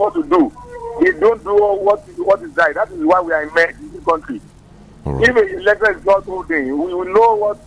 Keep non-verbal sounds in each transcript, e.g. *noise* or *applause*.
supposed to do. They don't do what is, what is right. That is why we are in, this country. Right. If election is not holding, we will know what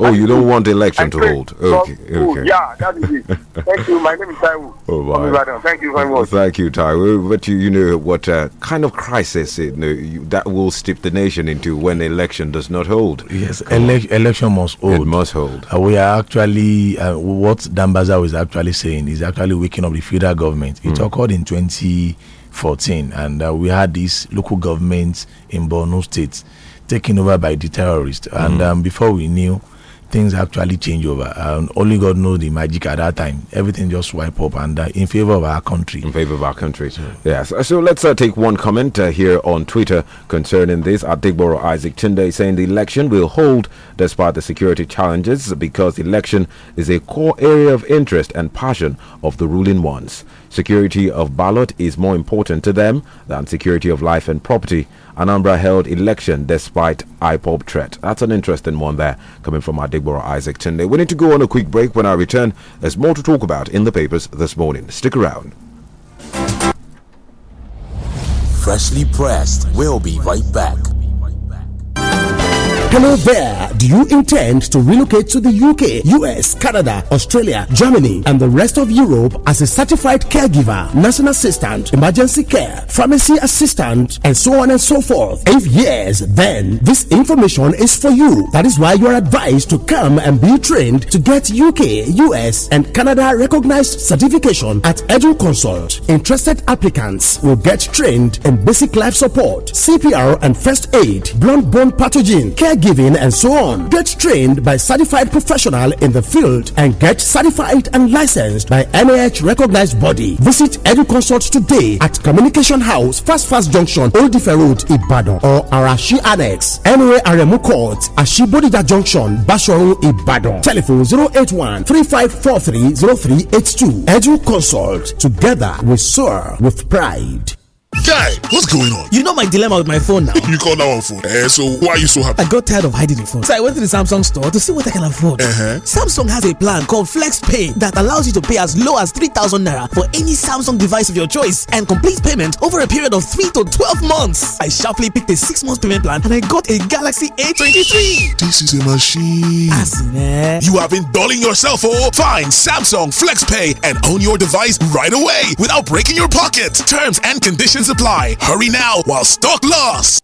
Oh, you don't want the election to hold. Okay. okay. Yeah, that is it. Thank you. My name is Taiwo. *laughs* Oh, Thank you very much. Thank you, Taiwo. But you, you know what uh, kind of crisis you know, you, that will steep the nation into when election does not hold. Yes, ele election must hold. It must hold. Uh, we are actually, uh, what Dambaza is actually saying is actually waking up the federal government. It mm. occurred in 2014, and uh, we had this local government in Borno State taken over by the terrorists. Mm. And hmm. um, before we knew, things actually change over. Um, only God knows the magic at that time. Everything just wipe up and uh, in favor of our country. In favor of our country. Yeah. Yes. Uh, so let's uh, take one comment uh, here on Twitter concerning this. At Digboro Isaac Tunde saying the election will hold despite the security challenges because election is a core area of interest and passion of the ruling ones. Security of ballot is more important to them than security of life and property. Anambra held election despite IPOB threat. That's an interesting one there coming from our Digbora Isaac Chinley. We need to go on a quick break. When I return, there's more to talk about in the papers this morning. Stick around. Freshly pressed. We'll be right back. Hello there. Do you intend to relocate to the UK, US, Canada, Australia, Germany, and the rest of Europe as a certified caregiver, nursing assistant, emergency care, pharmacy assistant, and so on and so forth? If yes, then this information is for you. That is why you are advised to come and be trained to get UK, US, and Canada recognized certification at EduConsult. Interested applicants will get trained in basic life support, CPR and first aid, blunt bone pathogen, care giving, and so on. Get trained by certified professional in the field and get certified and licensed by NIH recognized body. Visit EduConsult today at Communication House, Fast Fast Junction, Old Different Road, Ibadan, or Arashi Annex, NOA Aremu Court, Ashibodija Junction, Bashoru, Ibadan. Telephone 081 3543 0382. EduConsult. Together we soar with pride. Guy, what's going on? You know my dilemma with my phone now. *laughs* you call that one phone. Eh. so why are you so happy? I got tired of hiding the phone. So I went to the Samsung store to see what I can afford. Uh-huh. Samsung has a plan called Flex Pay that allows you to pay as low as 3,000 naira for any Samsung device of your choice and complete payment over a period of 3 to 12 months. I sharply picked a 6 month payment plan and I got a Galaxy A23. This is a machine. As in, eh? You have been dulling yourself, oh? Find Samsung Flex Pay and own your device right away without breaking your pocket. Terms and conditions supply. Hurry now while stock lasts.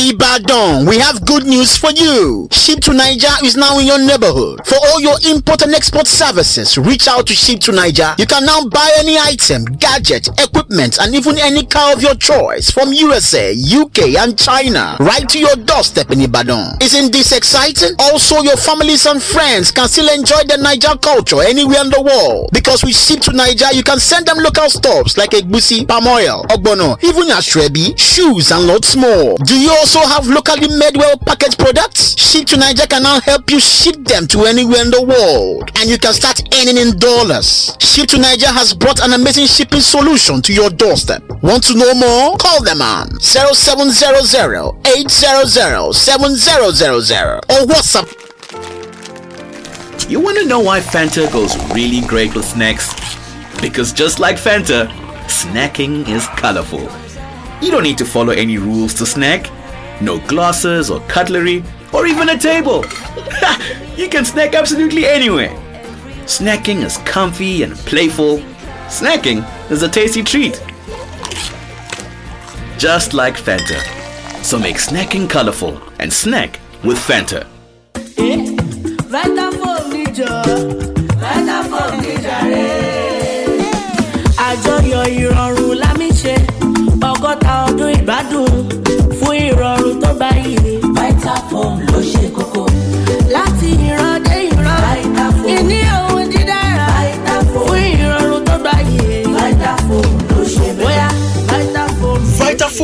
Ibadan, we have good news for you. Ship to Niger is now in your neighborhood. For all your import and export services, reach out to Ship to Niger. You can now buy any item, gadget, equipment, and even any car of your choice from USA, UK, and China right to your doorstep in Ibadan. Isn't this exciting? Also, your families and friends can still enjoy the Niger culture anywhere in the world. Because with ship to Niger, you can send them local stuffs like Egbusi, palm oil, ogbono, even ashrebi, shoes, and lots more. Do you also also have locally made well packaged products? Ship to Niger can now help you ship them to anywhere in the world and you can start earning in dollars. Ship to Niger has brought an amazing shipping solution to your doorstep. Want to know more? Call them on 0700 800 7000 or WhatsApp you want to know why Fanta goes really great with snacks? Because just like Fanta, snacking is colorful. You don't need to follow any rules to snack. No glasses or cutlery or even a table. *laughs* you can snack absolutely anywhere. Snacking is comfy and playful. Snacking is a tasty treat. Just like Fanta. So make snacking colorful and snack with Fanta. Eh? Logique.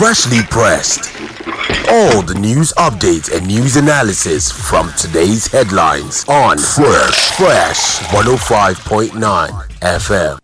freshly pressed. All the news updates and news analysis from today's headlines on Fresh Fresh 105.9 FM.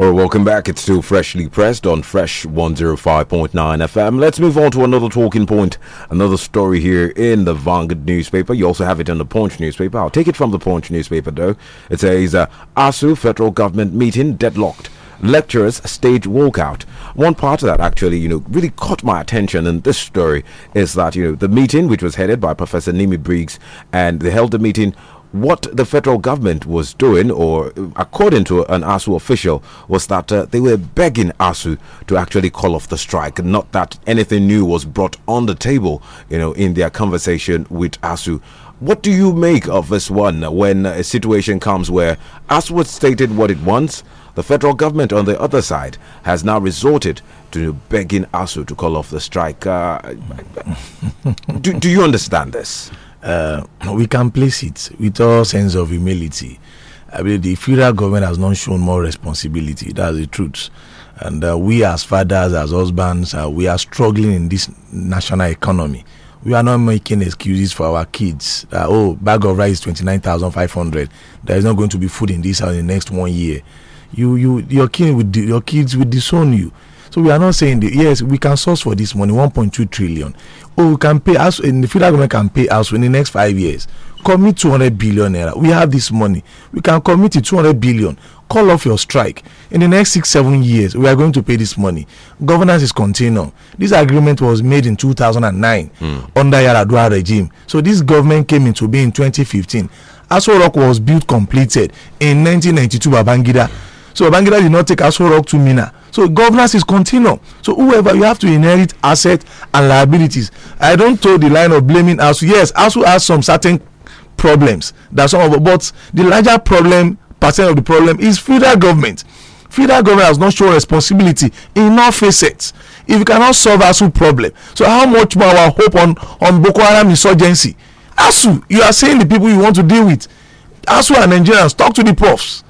All right, welcome back. It's still freshly pressed on Fresh 105.9 FM. Let's move on to another talking point, another story here in the Vanguard newspaper. You also have it in the Punch newspaper. I'll take it from the Punch newspaper, though. It says uh, ASU federal government meeting deadlocked lecturers stage walkout. One part of that actually, you know, really caught my attention in this story is that, you know, the meeting, which was headed by Professor Nimi Briggs, and they held the meeting what the federal government was doing, or according to an ASU official, was that uh, they were begging ASU to actually call off the strike. Not that anything new was brought on the table, you know, in their conversation with ASU. What do you make of this one when a situation comes where ASU has stated what it wants? The federal government, on the other side, has now resorted to begging ASU to call off the strike. Uh, *laughs* do, do you understand this? uh, we can place it with all sense of humility. I believe the federal government has not shown more responsibility. That's the truth. And uh, we, as fathers, as husbands, uh, we are struggling in this national economy. We are not making excuses for our kids. oh, bag of rice twenty nine thousand five hundred. There is not going to be food in this house in the next one year. You, you, your kid will, your kids will disown you. So we are not saying yes, we can source for this money, 1.2 trillion oh, we can pay us, in the federal government can pay us in the next five years. Commit 200 billion naira. We have this money. We can commit to 200 billion. Call off your strike. In the next six, seven years, we are going to pay this money. Governance is continual. This agreement was made in 2009 mm. under Yaradua regime. So this government came into being in 2015. Aso was built completed in 1992 by Bangida. So Babangida did not take Aso Rock to Mina. So governance is continual. So whoever you have to inherit assets and liabilities. I don't throw the line of blaming Asu. Yes, Asu has some certain problems. That's some of but the larger problem percent of the problem is federal government. Federal government has not shown responsibility in all facets. If you cannot solve ASU problem, so how much more our hope on on Boko Haram insurgency? ASU, you are saying the people you want to deal with. ASU and Nigerians, talk to the profs.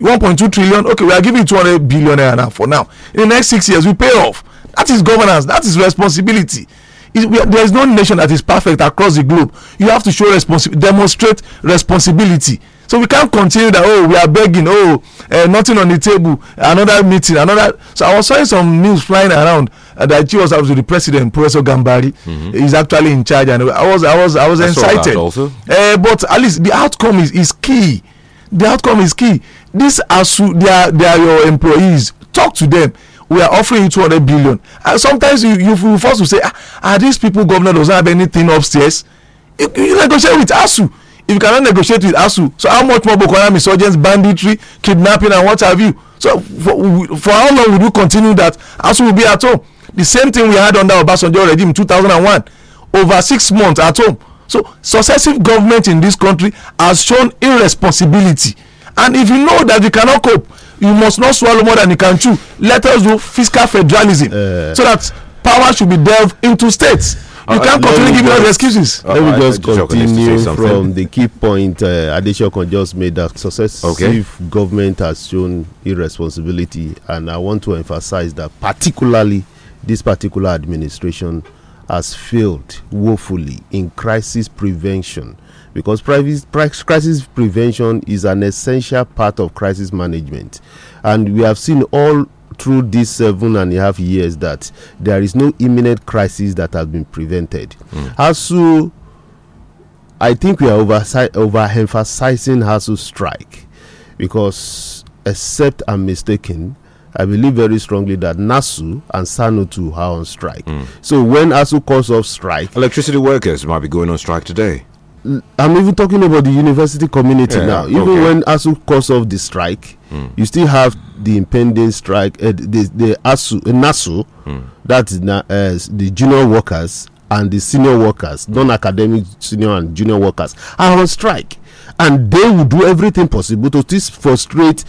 1.2 trillion. Okay, we are giving 200 billion now for now. In the next six years, we pay off. That is governance. That is responsibility. we, there is no nation that is perfect across the globe. You have to show responsibility, demonstrate responsibility. So we can't continue that. Oh, we are begging. Oh, uh, nothing on the table. Another meeting. Another. So I was seeing some news flying around uh, that he was up to the president, Professor Gambari. Mm -hmm. He's actually in charge, and I was, I was, I was I excited. also, uh, but at least the outcome is is key. The outcome is key these are su they are they are your employees talk to them we are offering you two hundred billion and sometimes you you you force to say ah, ah these people governor doesn't have anything upstairs you you negotiate with asu if you cannot negotiate with asu so how much more boko haram insurgents banditry kidnapping and what have you so for for how long will you continue that asu will be at home the same thing we had under obasanjo regime two thousand and one over six months at home so successive government in this country has shown irresponsibility and if you know that you cannot cope you must not swallow more than you can chew let us do fiscal federalism uh, so that power should be delved into states you uh, can't continue giving us excuses. Uh, let me just continue from the key point uh, Adeshokan just made that successive okay. government has shown irresponsibility and I want to emphasize that particularly this particular administration has failed woefully in crisis prevention because crisis prevention is an essential part of crisis management. And we have seen all through these seven and a half years that there is no imminent crisis that has been prevented. Mm. ASU, I think we are over, overemphasizing Asu strike because, except I'm mistaken, I believe very strongly that NASU and Sano too are on strike. Mm. So when ASU calls off strike, electricity workers might be going on strike today. I'm even talking about the university community yeah, now. Even okay. when ASU calls off the strike, mm. you still have the impending strike. Uh, the the ASU uh, eh, NASU, mm. that is uh, the junior workers and the senior workers, mm. non-academic senior and junior workers, are on strike, and they will do everything possible to frustrate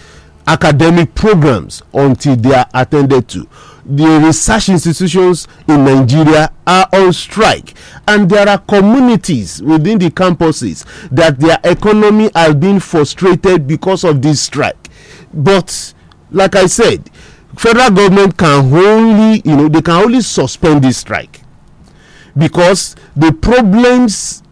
academic programs until they are attended to the research institutions in Nigeria are on strike, and there are communities within the campuses that their economy has been frustrated because of this strike. But, like I said, federal government can only, you know, they can only suspend this strike because the problems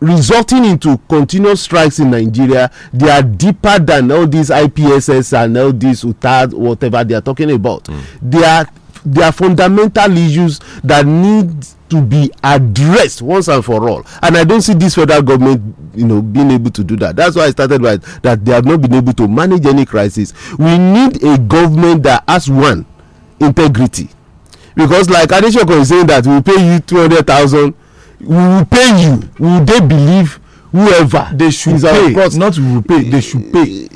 resulting into continuous strikes in Nigeria. They are deeper than all these IPSS and all these UTAD, whatever they are talking about. Mm. They are they are fundamental issues that need to be addressed once and for all. And I don't see this federal government, you know, being able to do that. That's why I started by that they have not been able to manage any crisis. We need a government that has one integrity because like adesokan is saying that we pay you two hundred thousand we will pay you will they believe whoever they should pay not will pay they should pay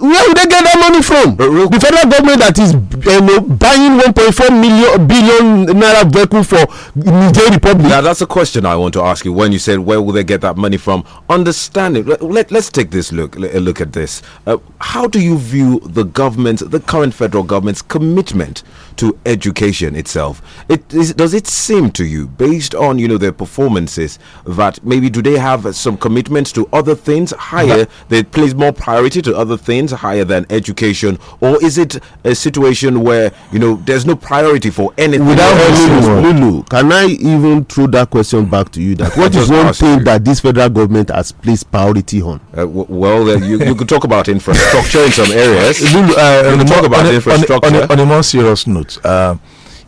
where would they get that money from uh, the federal government that is you know, buying 1.4 million billion naira vehicle for Nigeria. republic now that's a question i want to ask you when you said where will they get that money from understand it let, us take this look a look at this uh, how do you view the government the current federal government's commitment to education itself it is, does it seem to you based on you know their performances that maybe do they have some Commitment to other things higher, uh-huh. they place more priority to other things higher than education? Or is it a situation where, you know, there's no priority for anything? Without Lulu, can I even throw that question back to you? That *laughs* What is one thing you. that this federal government has placed priority on? Uh, well, uh, you, you could talk about infrastructure in some areas. *laughs* Lulu, uh, um, talk about on a, infrastructure. On a, on a, on a more serious note, uh,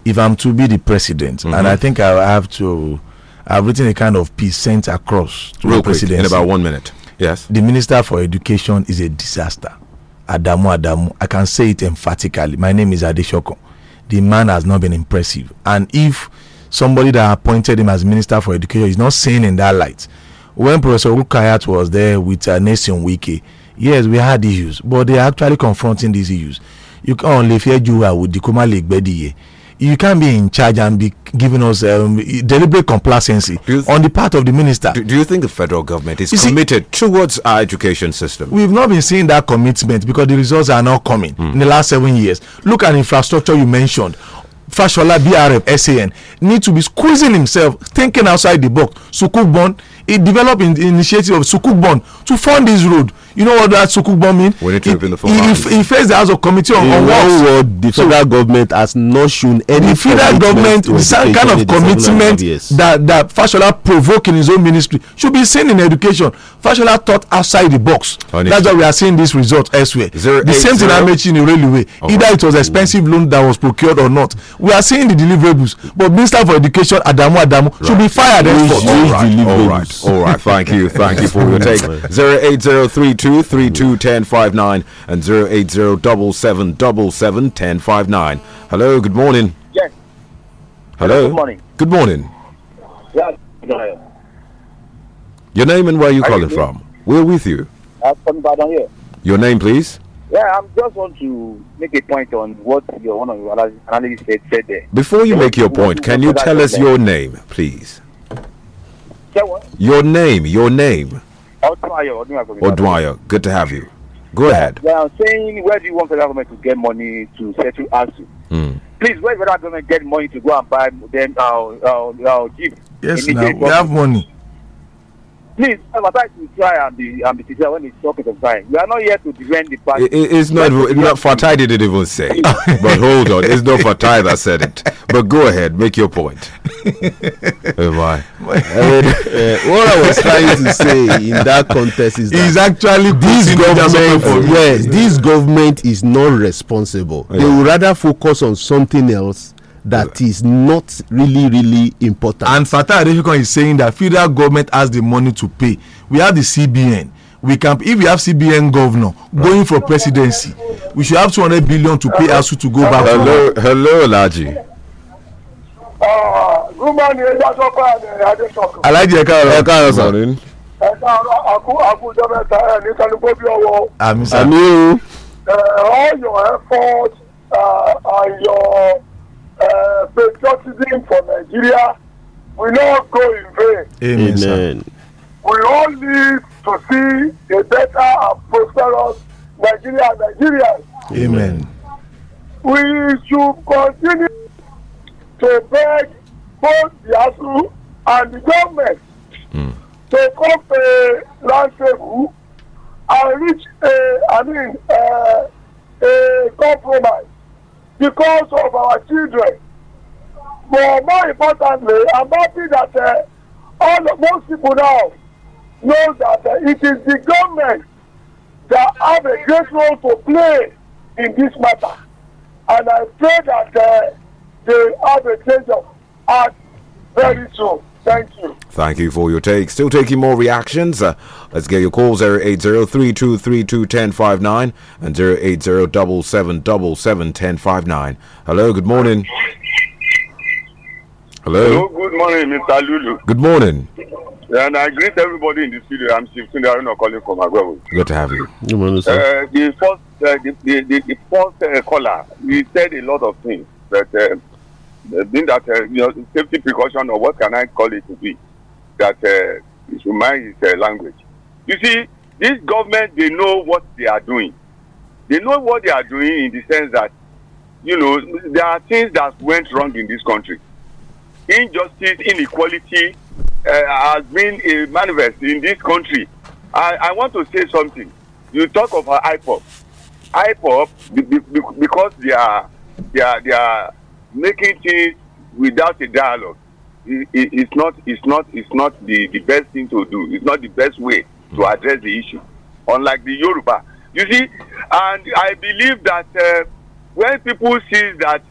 if I'm to be the president, mm -hmm. and I think I have to I've written a kind of piece sent across to Real the president in about one minute. Yes. The Minister for Education is a disaster. Adamu Adamu. I can say it emphatically. My name is Adeshoko. The man has not been impressive. And if somebody that appointed him as Minister for Education is not seen in that light, when Professor Ukayat was there with uh, Nation Wiki, yes, we had issues, but they are actually confronting these issues. You can only fear you with the Kumali Bediye you can't be in charge and be giving us um, deliberate complacency th on the part of the minister. Do, do, you think the federal government is you committed see, towards our education system? We've not been seeing that commitment because the results are not coming mm. in the last seven years. Look at infrastructure you mentioned. Fashola BRF SAN need to be squeezing himself, thinking outside the box. Sukuk Bond, he developed an initiative of Sukuk Bond to fund this road you know what that Sukugbon mean? We need to open the phone. He, he the House of Committee on, on what? The federal government has not shown any. The federal government, the same kind of commitment that that Fashola provoked in his own ministry should be seen in education. Fashola thought outside the box. That's why we are seeing this result elsewhere. the same thing I mentioned in railway. Oh. Either it was expensive loan that was procured or not. We are seeing the deliverables. But Minister for Education Adamu Adamu right. should be fired. All right, all right, all right. Thank you, thank you for your *laughs* take. Zero eight zero three two three two ten five nine and zero eight zero double seven double seven ten five nine. Hello, good morning. Yes. Hello. Good morning. Good morning. Yes. Your name and where you calling from? We're with you. I'm from Badon here. Your name, please. Yeah, I am just want to make a point on what your one of your analysts said, said there. Before you make your point, can you tell us your name, please? Your name, your name. Odwaya, good to have you. Go yeah, ahead. Well, I'm saying, where do you want the government to get money to settle ASU? Mm. Please, where the government get money to go and buy them uh, uh, uh, uh Jeep? Yes, now we have money please, advertise to try and be and be sincere when he's talking of time. We are not here to defend the party. It, it's not. It's not Fatai didn't even say. *laughs* but hold on, it's not Fatai that said it. But go ahead, make your point. *laughs* oh my! I mean, uh, what I was trying to say in that context is that is actually this government. Yes, this government is not responsible. Okay. They would rather focus on something else that is not really really important. and fatah adefikon is saying that federal government has the money to pay we have the cbn we can if we have cbn governor right. going for presidency we should have two hundred billion to pay asu to go back hello, home. hello hello, laji. gúmọ̀ ni ẹja tó kọ́ ẹ̀ adé sọ̀kọ̀. alájí ẹ̀ka ọ̀rọ̀ ẹ̀ka ọ̀rọ̀ sọ̀rọ̀. ẹ̀ka ọ̀rọ̀ àkú àkú ìjọba ẹ̀ta ẹ̀ ní sanugbo bí ọwọ́. àmì sàn. àmì o. Eh, all your efforts uh, and your patriotism uh, for Nigeria will not go in vain. Amen. Amen. We all need to see a better and prosperous Nigeria Nigerians. Amen. We should continue to beg both the ASU and the government mm. to come to a land table and reach a, I mean, uh, a compromise because of our children. But more importantly, I'm happy that uh, all most people now know that uh, it is the government that have a great role to play in this matter. And I pray that uh, they have a change of heart very soon. Thank you. Thank you for your take. Still taking more reactions. Uh, let's get your calls 080-3232-1059 and 080-777-1059. Hello, good morning. Hello. Hello. Good morning, Mr. Lulu. Good morning. And I greet everybody in the studio. I'm Shifting Aruna calling from Agwebu. Good to have you. Good morning, sir. Uh, the first, uh, the, the, the, the first uh, caller, he said a lot of things, but um, being that uh, you know safety precaution or what can I call it to be that uh, remind his uh, language. You see, this government they know what they are doing. They know what they are doing in the sense that you know there are things that went wrong in this country. Injustice, inequality uh, has been a manifest in this country. I, I want to say something. You talk of IPOP. IPOP because they are they are they are making things without a dialogue it, it, it's not it's not it's not the the best thing to do it's not the best way to hmm. address the issue unlike the yoruba you see and i believe that uh, when people see that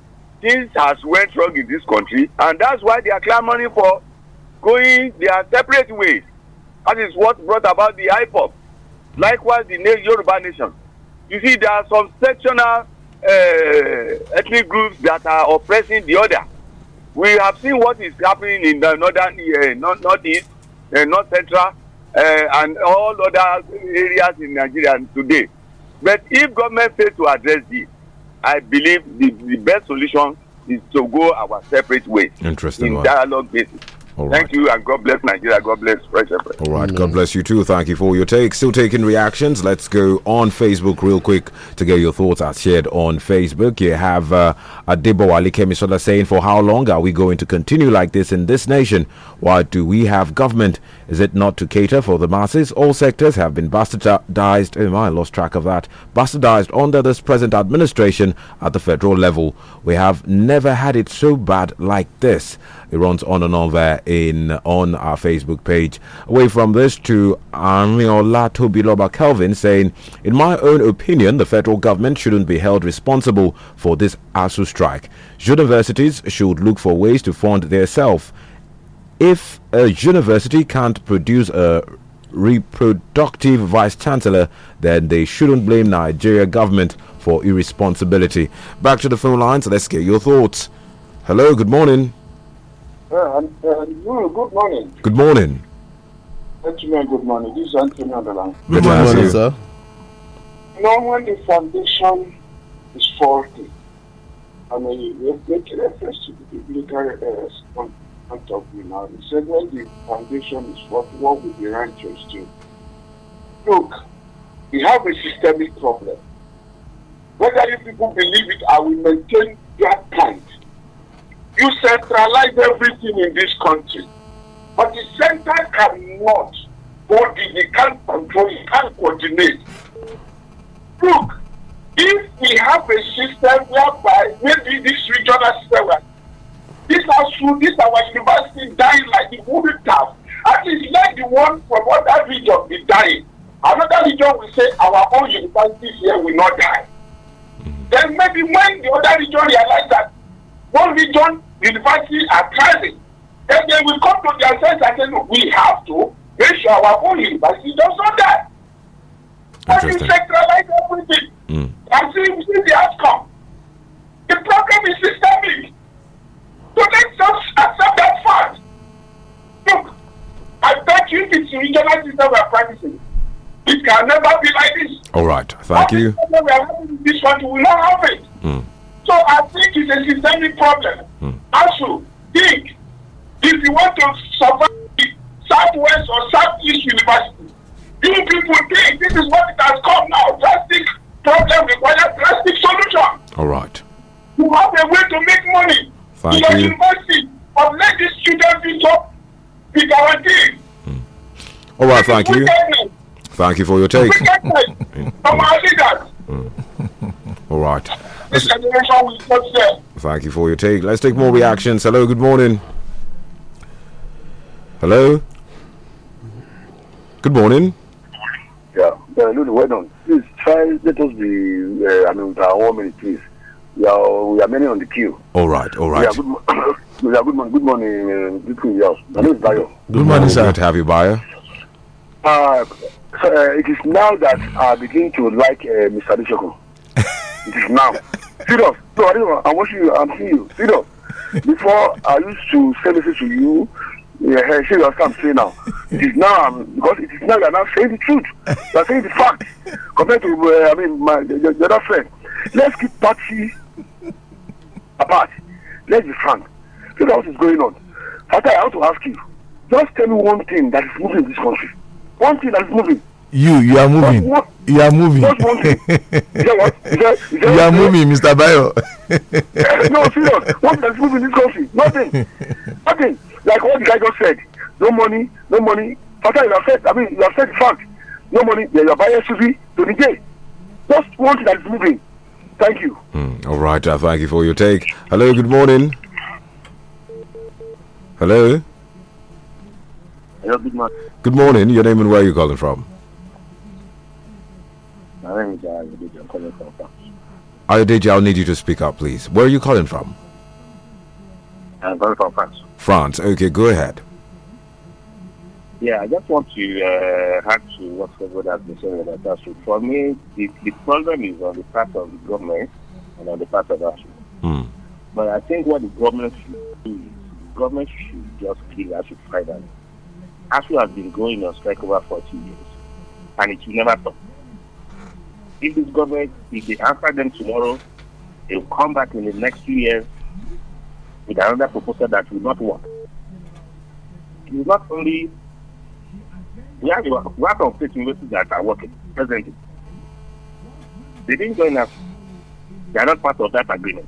things has went wrong in this country and that's why they are clamoring for going their separate ways that is what brought about the IPOP likewise the yoruba nation you see there are some sectional uh, ethnic groups that are oppressing the other. We have seen what is happening in the northern, uh, north, northeast, uh, north central, uh, and all other areas in Nigeria today. But if government fails to address this, I believe the, the best solution is to go our separate ways. Interesting. In one. dialogue basis. Thank you, and God bless Nigeria. God bless Fresh All right, mm. God bless you too. Thank you for your take. Still taking reactions. Let's go on Facebook real quick to get your thoughts as shared on Facebook. You have uh, Adebo Ali Kemisola saying, "For how long are we going to continue like this in this nation? Why do we have government? Is it not to cater for the masses? All sectors have been bastardized. Oh my, I lost track of that. Bastardized under this present administration at the federal level. We have never had it so bad like this." It runs on and on there in on our Facebook page. Away from this to Amiola Tobiloba Kelvin saying, In my own opinion, the federal government shouldn't be held responsible for this ASU strike. Universities should look for ways to fund themselves. If a university can't produce a reproductive vice chancellor, then they shouldn't blame Nigeria government for irresponsibility. Back to the phone lines. Let's get your thoughts. Hello, good morning. Uh, uh, good morning. Good morning. Gentlemen, good morning. This is Anthony on the line. Good, good morning, morning sir. You when the foundation is faulty, I mean, we have reference to the biblical uh, point of view now. He said, when the foundation is faulty, what will the ranchers do? Look, we have a systemic problem. Whether you people believe it, I will maintain that point. You centralize everything in this country. But the center cannot hold it, can't control, it can't coordinate. Look, if we have a system whereby maybe this regional system, this our school, this our university dying like the wooden town, at least let the one from other region be dying. Another region will say our own university here will not die. Mm-hmm. Then maybe when the other region realize that one region university are thriving then they will come to their sense and say no we have to make sure our own university does not die that is centralize everything mm. and see see the outcome the problem is systemic so let's just accept that fact look i bet you it's regional system we are practicing it can never be like this all right thank How you this one we will not have it mm. So I think it's a systemic problem. Mm. Also, think if you want to survive Southwest or Southeast University, you people think this is what it has come now. Plastic problem requires plastic solution. All right. You have a way to make money Thank in your you. university, but let these students be, taught be guaranteed. Mm. All right, thank you. Thank you for your take. *laughs* Hmm. Hmm. All right. Thank you for your take. Let's take more reactions. Hello, good morning. Hello. Good morning. Yeah, yeah, Lulu, well done. Please try, let us be, uh, I mean, with our one minute, please. We are, we are many on the queue. All right, all right. We are good, mo- *coughs* yeah, good, morning, uh, good morning, yes. My name is Bayo. Good, morning, sir. Good to have you, Bayo. Uh, so, uh, it is now that I begin to like uh, Mr. Bishoko now. Serious. No, I, don't, I you. I'm seeing you. Serious. Before I used to say this to you. Yeah, hey, see I'm saying now. It is now um, because it is now you are now saying the truth. You are saying the fact compared to uh, I mean my your, your other friend. Let's keep party apart. Let's be frank. Look at what is going on. Father, I want to ask you. Just tell me one thing that is moving this country. One thing that is moving you you are moving you are moving what moving you know what you, know, you, you are moving mr bayo *laughs* eh, no serious what is moving this country nothing *laughs* nothing like what the guy just said no money no money father you have said i mean you have said the fact no money yeah, you are buying suv to the day just one thing that is moving thank you mm, all right uh, thank you for your take hello good morning hello hello good morning good morning your name and where are you calling from Ayodeji, I'll need you to speak up, please. Where are you calling from? I'm calling from France. France. Okay, go ahead. Yeah, I just want to uh, add to what Favored has been saying about For me, the, the, problem is on the part of the government and on the part of ASU. Mm. But I think what the government should do is the government should just kill ASU finally. ASU has been going on strike over 40 years, and it will never stop if this government, if they answer them tomorrow, they'll come back in the next few years with another proposal that will not work. It is not only we have a lot of state universities that are working presently. They didn't join us. They are not part of that agreement.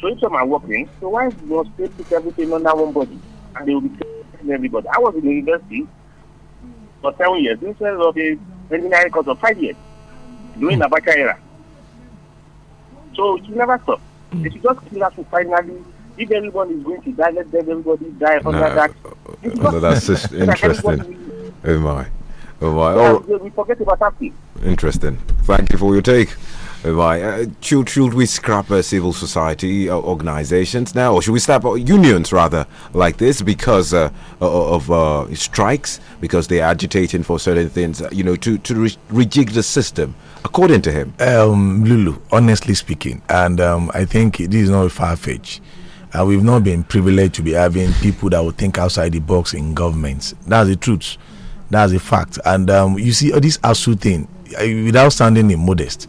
So if some are working, so why must they put everything under one body? And they will be telling everybody. I was in the university for seven years instead of the engineering course of five years doing hmm. Abacha era. So she never stopped. If hmm. should just kill us finally. If everyone is going to die, let them everybody die under uh, uh, no, that. Under that system. Interesting. oh my. Oh my. Oh. We forget about that. Interesting. Thank you for your take. Why Uh, should, should we scrap uh, civil society uh, organizations now, or should we scrap uh, unions rather, like this, because uh, of uh, strikes, because they're agitating for certain things, you know, to, to re rejig the system, according to him? Um, Lulu, honestly speaking, and um, I think this is not far fetched. we've not been privileged to be having people that would think outside the box in governments. That's the truth. That's a fact. And um, you see, all this ASU thing, without sounding immodest, modest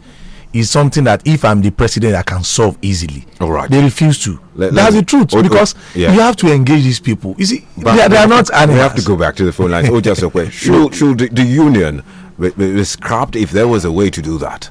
is something that if I'm the president, I can solve easily. All right. They refuse to. Let, That's the truth oh, because oh, yeah. you have to engage these people. You see, but they, are, they are not. Animals. We have to go back to the phone line. oh, just a question. *laughs* Should, should the, the union be, be scrapped if there was a way to do that?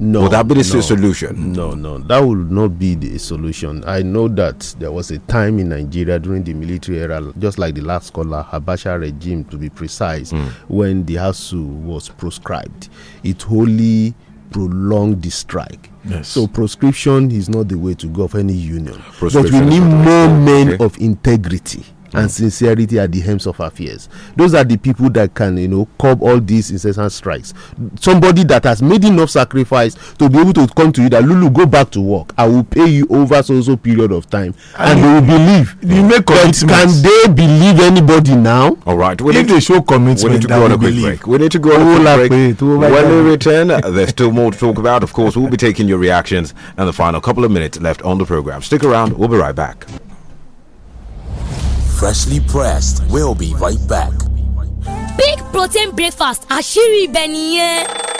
No, would that be the no, solution? No, no, that would not be the solution. I know that there was a time in Nigeria during the military era, just like the last scholar, Habasha regime to be precise, mm. when the Hasu was proscribed. It wholly prolong the strike. Yes. So proscription is not the way to go for any union. But we need more men okay. of integrity and mm. sincerity at the hems of affairs. Those are the people that can, you know, curb all these incessant strikes. Somebody that has made enough sacrifice to be able to come to you that Lulu, go back to work. I will pay you over so so period of time, and, and they will believe. You make commitments. can they believe anybody now? All right. We if they show commitment, we need to go on a break. We need to go on a quick break. When we return, uh, there's still more to talk about. Of course, we'll be taking your reactions and the final couple of minutes left on the program. Stick around. We'll be right back. freshly pressed. We'll be right back. Big protein breakfast, Ashiri beniye. nìyẹn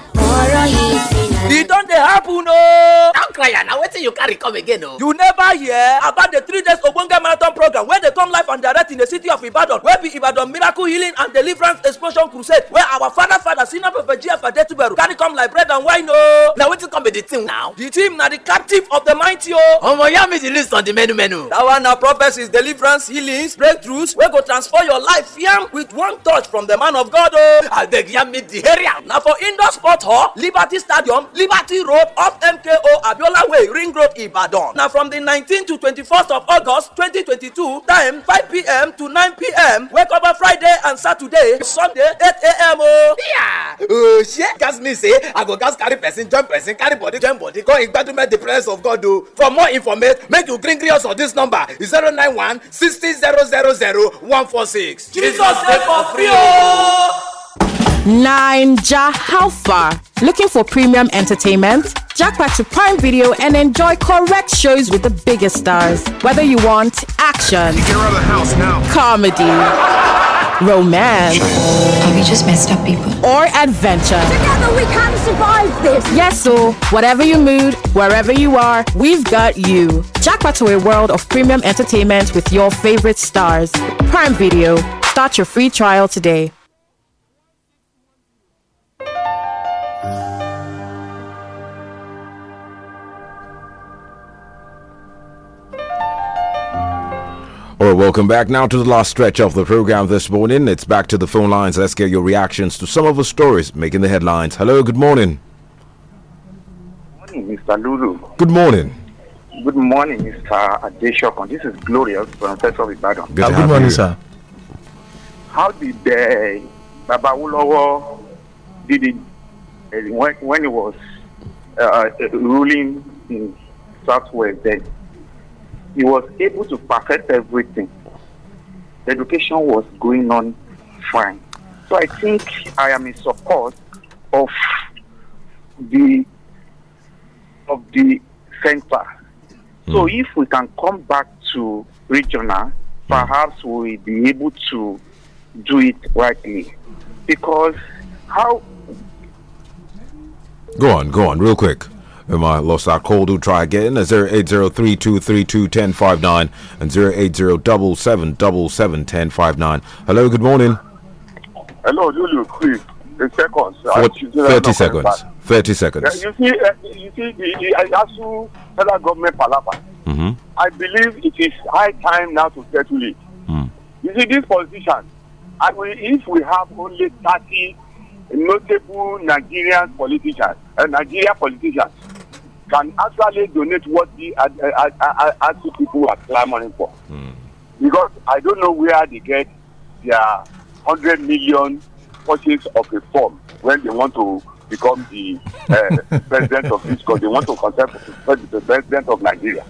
ọ̀rọ̀ yìí sinna. dey happen oh? Don't cry na wetin you carry come again oh. you never hear about the three days ogbonge marathon program wey dey come live and direct in the city of ibadan wey be ibadan miracle healing and deliverance explosion crusade wey our father father senior prophet gf adetuberu carry come like bread and wine o. na wetin come be the team now. the team na the captive of the mighty oh. omo yarn me the list on the menu menu. that one na prophecies deliverance healings breakthroughs wey go transform your life yam with one touch from the man of god o. Oh. abeg yarn me the area. na for indoor sport ọ̀tọ́ liberty stadium liberty road off mko abiola way ring road ibadan na from the nineteen to twenty-first of august twenty twenty-two time five pm to nine pm wake up on friday and saturday sunday eight am o. o ṣe gas me say i go gas carry person join person carry body join body go igbadume the presence of god o oh. for more information make you gree gree us on this number zero nine one sixty zero zero zero one four six. jesus dey for free o. Oh. Ninja, how far? Looking for premium entertainment? Jackpot to Prime Video and enjoy correct shows with the biggest stars. Whether you want action, comedy, romance, have you just messed up people? Or adventure. Together we can survive this. Yes, so whatever your mood, wherever you are, we've got you. Jackpot to a world of premium entertainment with your favorite stars. Prime Video. Start your free trial today. All right, welcome back now to the last stretch of the program this morning. It's back to the phone lines. Let's get your reactions to some of the stories making the headlines. Hello, good morning. Good morning, Mr. Lulu. Good morning. Good morning, Mr. Adeshokon. This is Glorious from First of Ibadan. Good, good morning, you. sir. How did uh, Baba Ulowo did it uh, when, when he was uh, uh ruling in Southwest then? he was able to perfect everything. The education was going on fine. So I think I am in support of the of the center. Mm. So hmm. if we can come back to regional, hmm. perhaps we'll be able to do it rightly. Because how Go on, go on, real quick. Am I lost our call? Do try again uh, Zero eight zero three two three two ten five nine and double seven ten five nine. Hello, good morning. Hello, Lulu, please. In seconds. For, 30 seconds. 30 seconds. Yeah, you see, uh, you see the, the ASU federal government palapa. Mm-hmm. I believe it is high time now to settle it. Mm. You see, this position, I will, if we have only 30 notable Nigerian politicians, uh, Nigeria politicians, can actually donate what the uh, uh, uh, ASU people are clamoring for. Mm. Because I don't know where they get their 100 million purchase of a form when they want to become the uh, *laughs* president of this country. They want to contest for the president of Nigeria.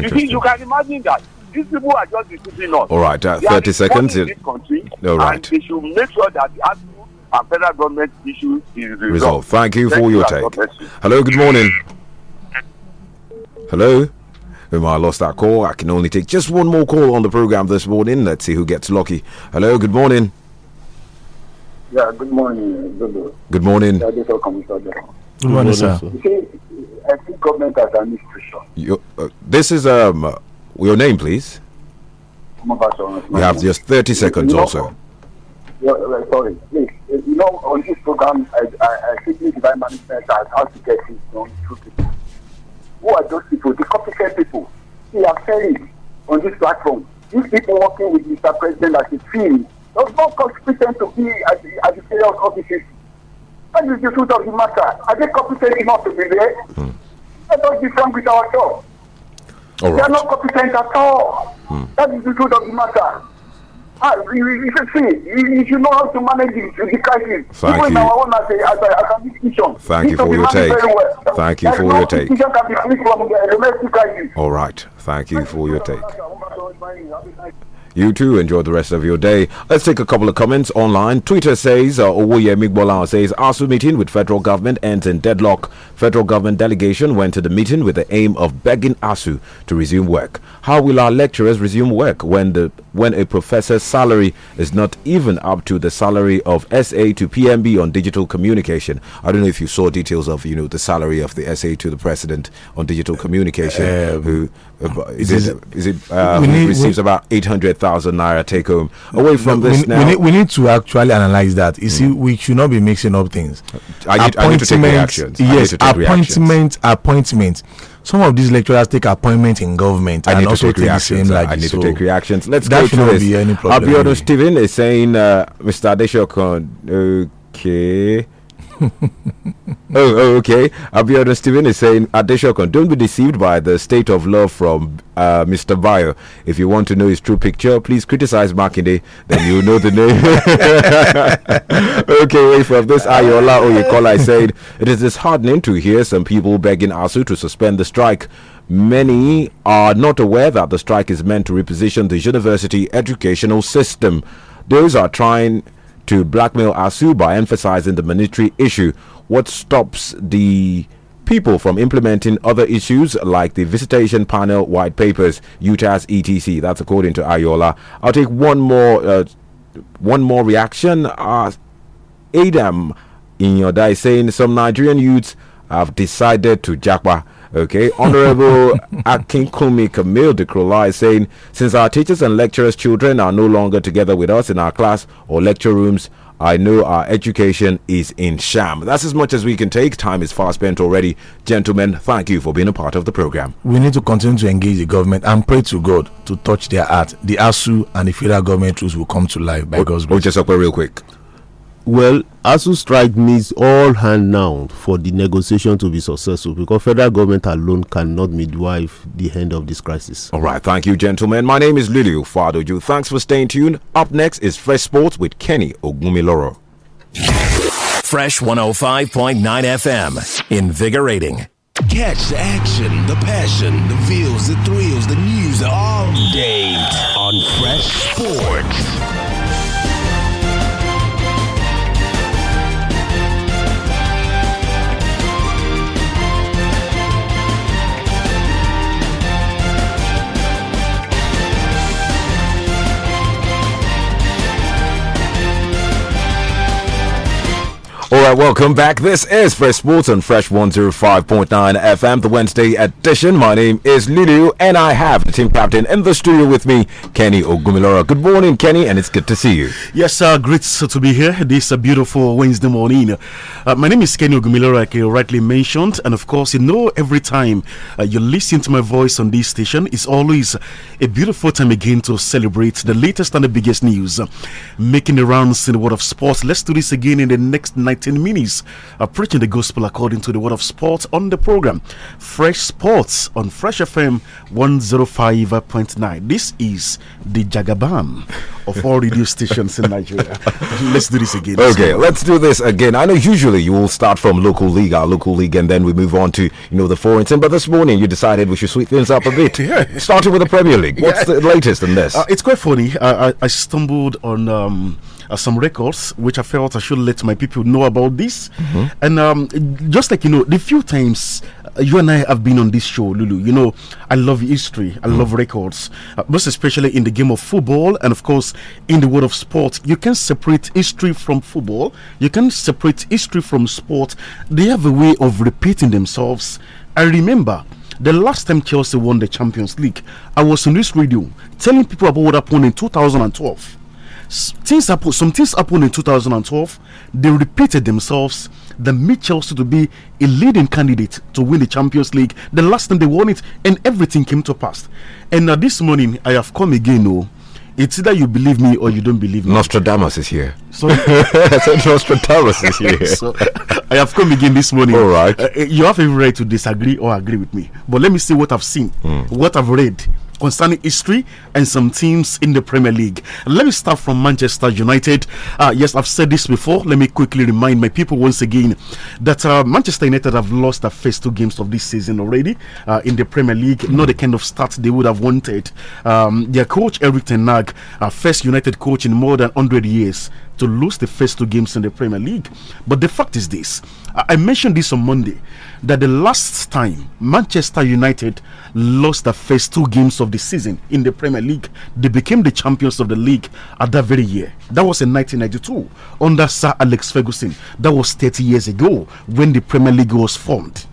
You see, you can imagine that these people are just deceiving us. All right, uh, 30 seconds. In this country, All right. they should make sure that the and federal government issue is resolved. resolved. Thank you Thank for you your take. Hello, good morning. Hello? I lost that call. I can only take just one more call on the program this morning. Let's see who gets lucky. Hello, good morning. Yeah, good morning. Good, morning. good morning, sir. I think government an institution. Uh, this is um, uh, your name, please. You have just 30 seconds you know, also. Yeah, sorry, please. You know, on this program, I, I, I think management has to get things done through people who are those people, the competent people. We are selling on this platform. These people working with Mr. President as a team does not competent to be at the, at the serious offices. That is the truth of the matter. Are they competent enough to be there? Mm. Let us be frank with ourselves. All right. They are not competent at all. Mm. That is the truth of the matter. Ah, you, should see, you, you should know how to manage the, the crisis. Thank Even you. in our own as a, as a, as a Thank you for your take. Well. Thank you for your take. Can be from the All right. Thank you for your take. You too enjoy the rest of your day. Let's take a couple of comments online. Twitter says, uh, Owoye Migbola says, ASU meeting with federal government ends in deadlock. Federal government delegation went to the meeting with the aim of begging ASU to resume work. How will our lecturers resume work when the when a professor's salary is not even up to the salary of SA to PMB on digital communication? I don't know if you saw details of you know the salary of the SA to the president on digital communication. Um, who uh, is, it, is it uh, need, receives about eight hundred thousand naira take home away from no, this? We, now, we need, we need to actually analyze that. You mm. see, hmm. we should not be mixing up things. I I need to take Yes, appointment, reactions. appointment. Some of these lecturers take appointment in government I and need also to take reactions. Like I need so to take reactions. Let's that go should not be any problem. Abiodun Stephen is saying, uh, Mr. Adeshokon, okay. *laughs* Oh, oh, okay. Abiodun Steven is saying, Adeshokon, don't be deceived by the state of love from uh, Mr. Bio. If you want to know his true picture, please criticize Makinde, then you know the name. *laughs* okay, wait for this Ayola Oyekola said, It is disheartening to hear some people begging ASU to suspend the strike. Many are not aware that the strike is meant to reposition the university educational system. Those are trying to blackmail ASU by emphasizing the monetary issue. What stops the people from implementing other issues like the visitation panel white papers, Utah's ETC? That's according to Ayola. I'll take one more, uh, one more reaction. Uh, Adam your day, saying some Nigerian youths have decided to jackpot Okay, Honorable *laughs* Akinkumi Camille de is saying, since our teachers and lecturers' children are no longer together with us in our class or lecture rooms, I know our education is in sham. That's as much as we can take. Time is far spent already. Gentlemen, thank you for being a part of the program. We need to continue to engage the government and pray to God to touch their heart. The ASU and the federal government rules will come to life by o- God's grace. O- real quick well asu strike needs all hand now for the negotiation to be successful because federal government alone cannot midwife the end of this crisis all right thank you gentlemen my name is lulu fadoju thanks for staying tuned up next is fresh sports with kenny ogumiloro fresh 105.9 fm invigorating Catch the action, the passion, the feels, the thrills, the news all day on Fresh Sports. All right, welcome back. This is Fresh Sports on Fresh 105.9 FM, the Wednesday edition. My name is Lulu, and I have the team captain in the studio with me, Kenny Ogumilora. Good morning, Kenny, and it's good to see you. Yes, sir. Uh, great to be here this uh, beautiful Wednesday morning. Uh, my name is Kenny Ogumilora, like you rightly mentioned. And of course, you know, every time uh, you listen to my voice on this station, it's always a beautiful time again to celebrate the latest and the biggest news uh, making the rounds in the world of sports. Let's do this again in the next night in minutes of preaching the gospel according to the word of sports on the program Fresh Sports on Fresh FM 105.9. This is the Jagabam of all radio stations in Nigeria. *laughs* let's do this again. Okay, so. let's do this again. I know usually you will start from local league, our local league, and then we move on to you know the foreign team. But this morning you decided we should sweep things up a bit. *laughs* yeah. Starting with the Premier League. What's yeah. the latest in this? Uh, it's quite funny. I, I, I stumbled on. Um, uh, some records which I felt I should let my people know about this. Mm -hmm. And um, just like you know, the few times uh, you and I have been on this show, Lulu. You know, I love history, I mm. love mm-hmm. records, uh, most especially in the game of football and, of course, in the world of sport. You can separate history from football, you can separate history from sport. They have a way of repeating themselves. I remember the last time Chelsea won the Champions League, I was on this radio telling people about what happened in 2012 things happened. some things happened in 2012. They repeated themselves. They made Chelsea to be a leading candidate to win the Champions League. The last time they won it, and everything came to pass. And now this morning, I have come again. Oh, it's either you believe me or you don't believe me. Nostradamus is here. *laughs* So Nostradamus is here. *laughs* so, I have come again this morning. All right, uh, uh, you have every right to disagree or agree with me, but let me see what I've seen, mm. what I've read concerning history and some teams in the Premier League. Let me start from Manchester United. Uh, yes, I've said this before. Let me quickly remind my people once again that uh, Manchester United have lost their first two games of this season already uh, in the Premier League. Mm -hmm. Not the kind of start they would have wanted. Um, their coach, Eric Ten Hag, uh, first United coach in more than 100 years, to lose the first two games in the Premier League. But the fact is this I mentioned this on Monday that the last time Manchester United lost the first two games of the season in the Premier League, they became the champions of the league at that very year. That was in 1992 under Sir Alex Ferguson. That was 30 years ago when the Premier League was formed.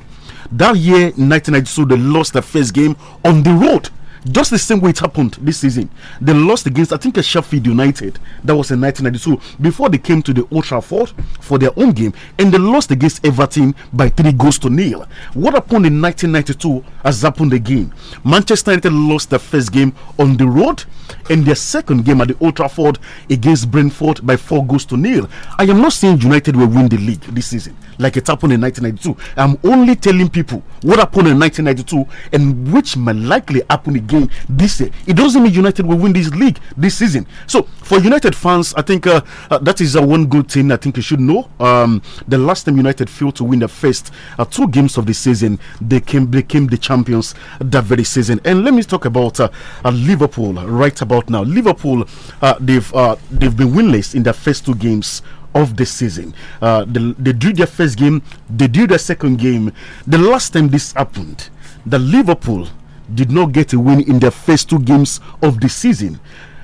That year, 1992, they lost the first game on the road just the same way it happened this season. They lost against, I think, Sheffield United. That was in 1992 before they came to the Old Trafford for their own game, and they lost against Everton by three goals to nil. What happened in 1992 has happened again. Manchester United lost their first game on the road, and their second game at the Old Trafford against Brentford by four goals to nil. I am not saying United will win the league this season like it happened in 1992. I'm only telling people what happened in 1992 and which might likely happen again this year. It doesn't mean United will win this league this season. So for United fans, I think uh, uh, that is uh, one good thing I think you should know. Um, the last time United failed to win the first uh, two games of the season, they came became the champions that very season. And let me talk about uh, uh, Liverpool right about now. Liverpool, uh, they've they've been winless in their first two games of the season. Uh, they, they drew their first game, they drew their second game. The last time this happened, the Liverpool did not get a win in their first two games of the season.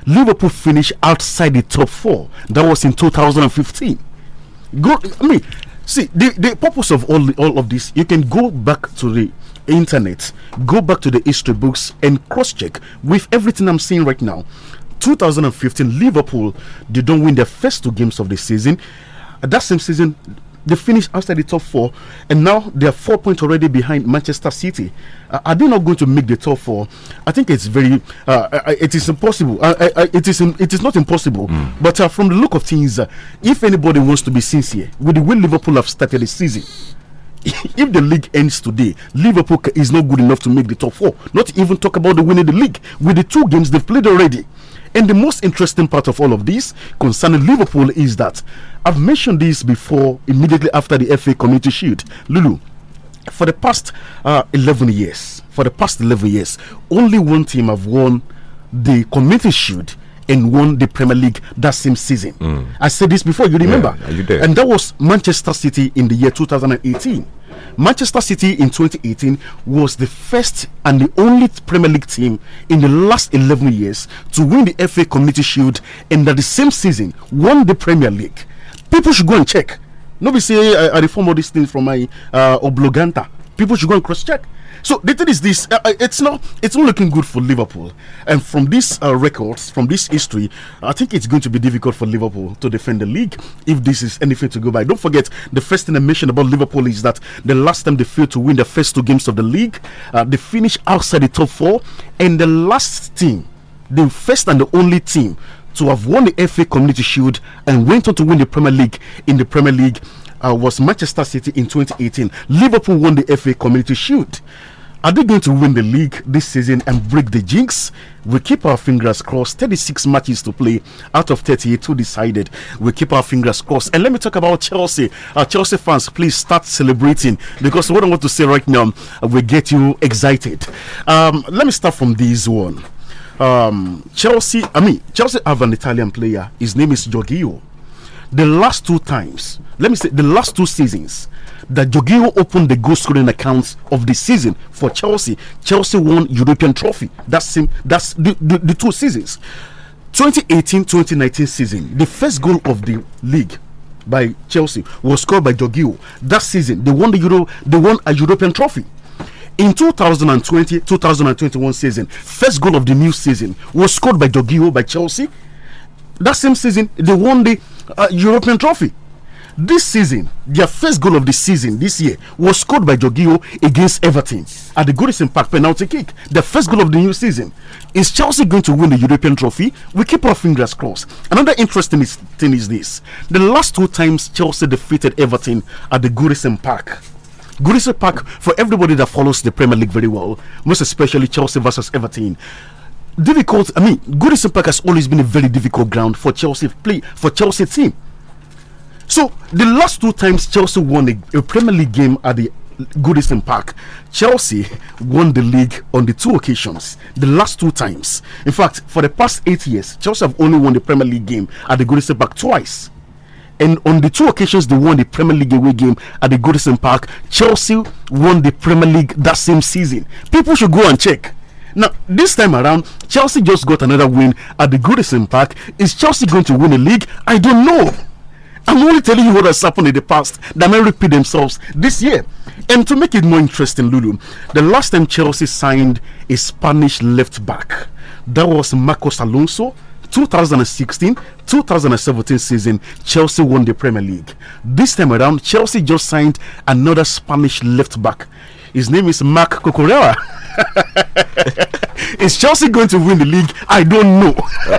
Liverpool finished outside the top four. That was in 2015. Go, I mean, see the, the purpose of all all of this. You can go back to the internet, go back to the history books, and cross check with everything I'm seeing right now. 2015, Liverpool they don't win their first two games of the season. That same season, they finished outside the top four, and now they are four points already behind Manchester City. Uh, are they not going to make the top four? I think it's very, uh, uh it is impossible. Uh, uh, uh it is, it is not impossible. Mm. But from the look of things, if anybody wants to be sincere with the way Liverpool have started the season. *laughs* if the league ends today, Liverpool is not good enough to make the top four. Not even talk about the winning the league with the two games they've played already. And the most interesting part of all of this concerning Liverpool is that I've mentioned this before immediately after the FA Community Shield. Lulu, for the past uh, 11 years, for the past 11 years, only one team have won the Community Shield and won the Premier League that same season. Mm. I said this before, you remember? Yeah, you did. And that was Manchester City in the year 2018. Manchester City in 2018 was the first and the only Premier League team in the last 11 years to win the FA Community Shield and that the same season won the Premier League. People should go and check. Nobody say I, I reform all these things from my uh, obloganta. People should go and cross check. So the thing is this: uh, uh, it's not it's not looking good for Liverpool. And from these uh, records, from this history, I think it's going to be difficult for Liverpool to defend the league if this is anything to go by. Don't forget the first thing I mentioned about Liverpool is that the last time they failed to win the first two games of the league, uh, they finished outside the top four, and the last team, the first and the only team to have won the FA Community Shield and went on to win the Premier League in the Premier League uh, was Manchester City in 2018. Liverpool won the FA Community Shield are they going to win the league this season and break the jinx? We keep our fingers crossed. 36 matches to play out of 38, decided. We keep our fingers crossed. And let me talk about Chelsea. Uh, Chelsea fans, please start celebrating because what I want to say right now will get you excited. Um, let me start from this one. Um, Chelsea, I mean, Chelsea have an Italian player. His name is Giorgio. The last two times, let me say, the last two seasons, that Jorginho opened the goal scoring accounts of the season for Chelsea. Chelsea won European trophy. That's him. That's the, the, the two seasons. 2018-2019 season, the first goal of the league by Chelsea was scored by Jorginho. That season, they won the Euro, they won a European trophy. In 2020-2021 season, first goal of the new season was scored by Jorginho by Chelsea. That same season, they won the uh, European trophy. This season, their first goal of the season this year was scored by Jorginho against Everton at the Goodison Park penalty kick. The first goal of the new season. Is Chelsea going to win the European trophy? We keep our fingers crossed. Another interesting is, thing is this the last two times Chelsea defeated Everton at the Goodison Park. Goodison Park, for everybody that follows the Premier League very well, most especially Chelsea versus Everton difficult. I mean, Goodison Park has always been a very difficult ground for Chelsea play for Chelsea team. So the last two times Chelsea won a, a Premier League game at the Goodison Park, Chelsea won the league on the two occasions, the last two times. In fact, for the past eight years, Chelsea have only won the Premier League game at the Goodison Park twice. And on the two occasions they won the Premier League away game at the Goodison Park, Chelsea won the Premier League that same season. People should go and check. Now, this time around, Chelsea just got another win at the Goodison Park. Is Chelsea going to win the league? I don't know. I'm only telling you what has happened in the past that may repeat themselves this year. And to make it more interesting, Lulu, the last time Chelsea signed a Spanish left back, that was Marcos Alonso. 2016 2017 season, Chelsea won the Premier League. This time around, Chelsea just signed another Spanish left back. His name is Mark Cucurella. *laughs* Is Chelsea going to win the league? I don't know.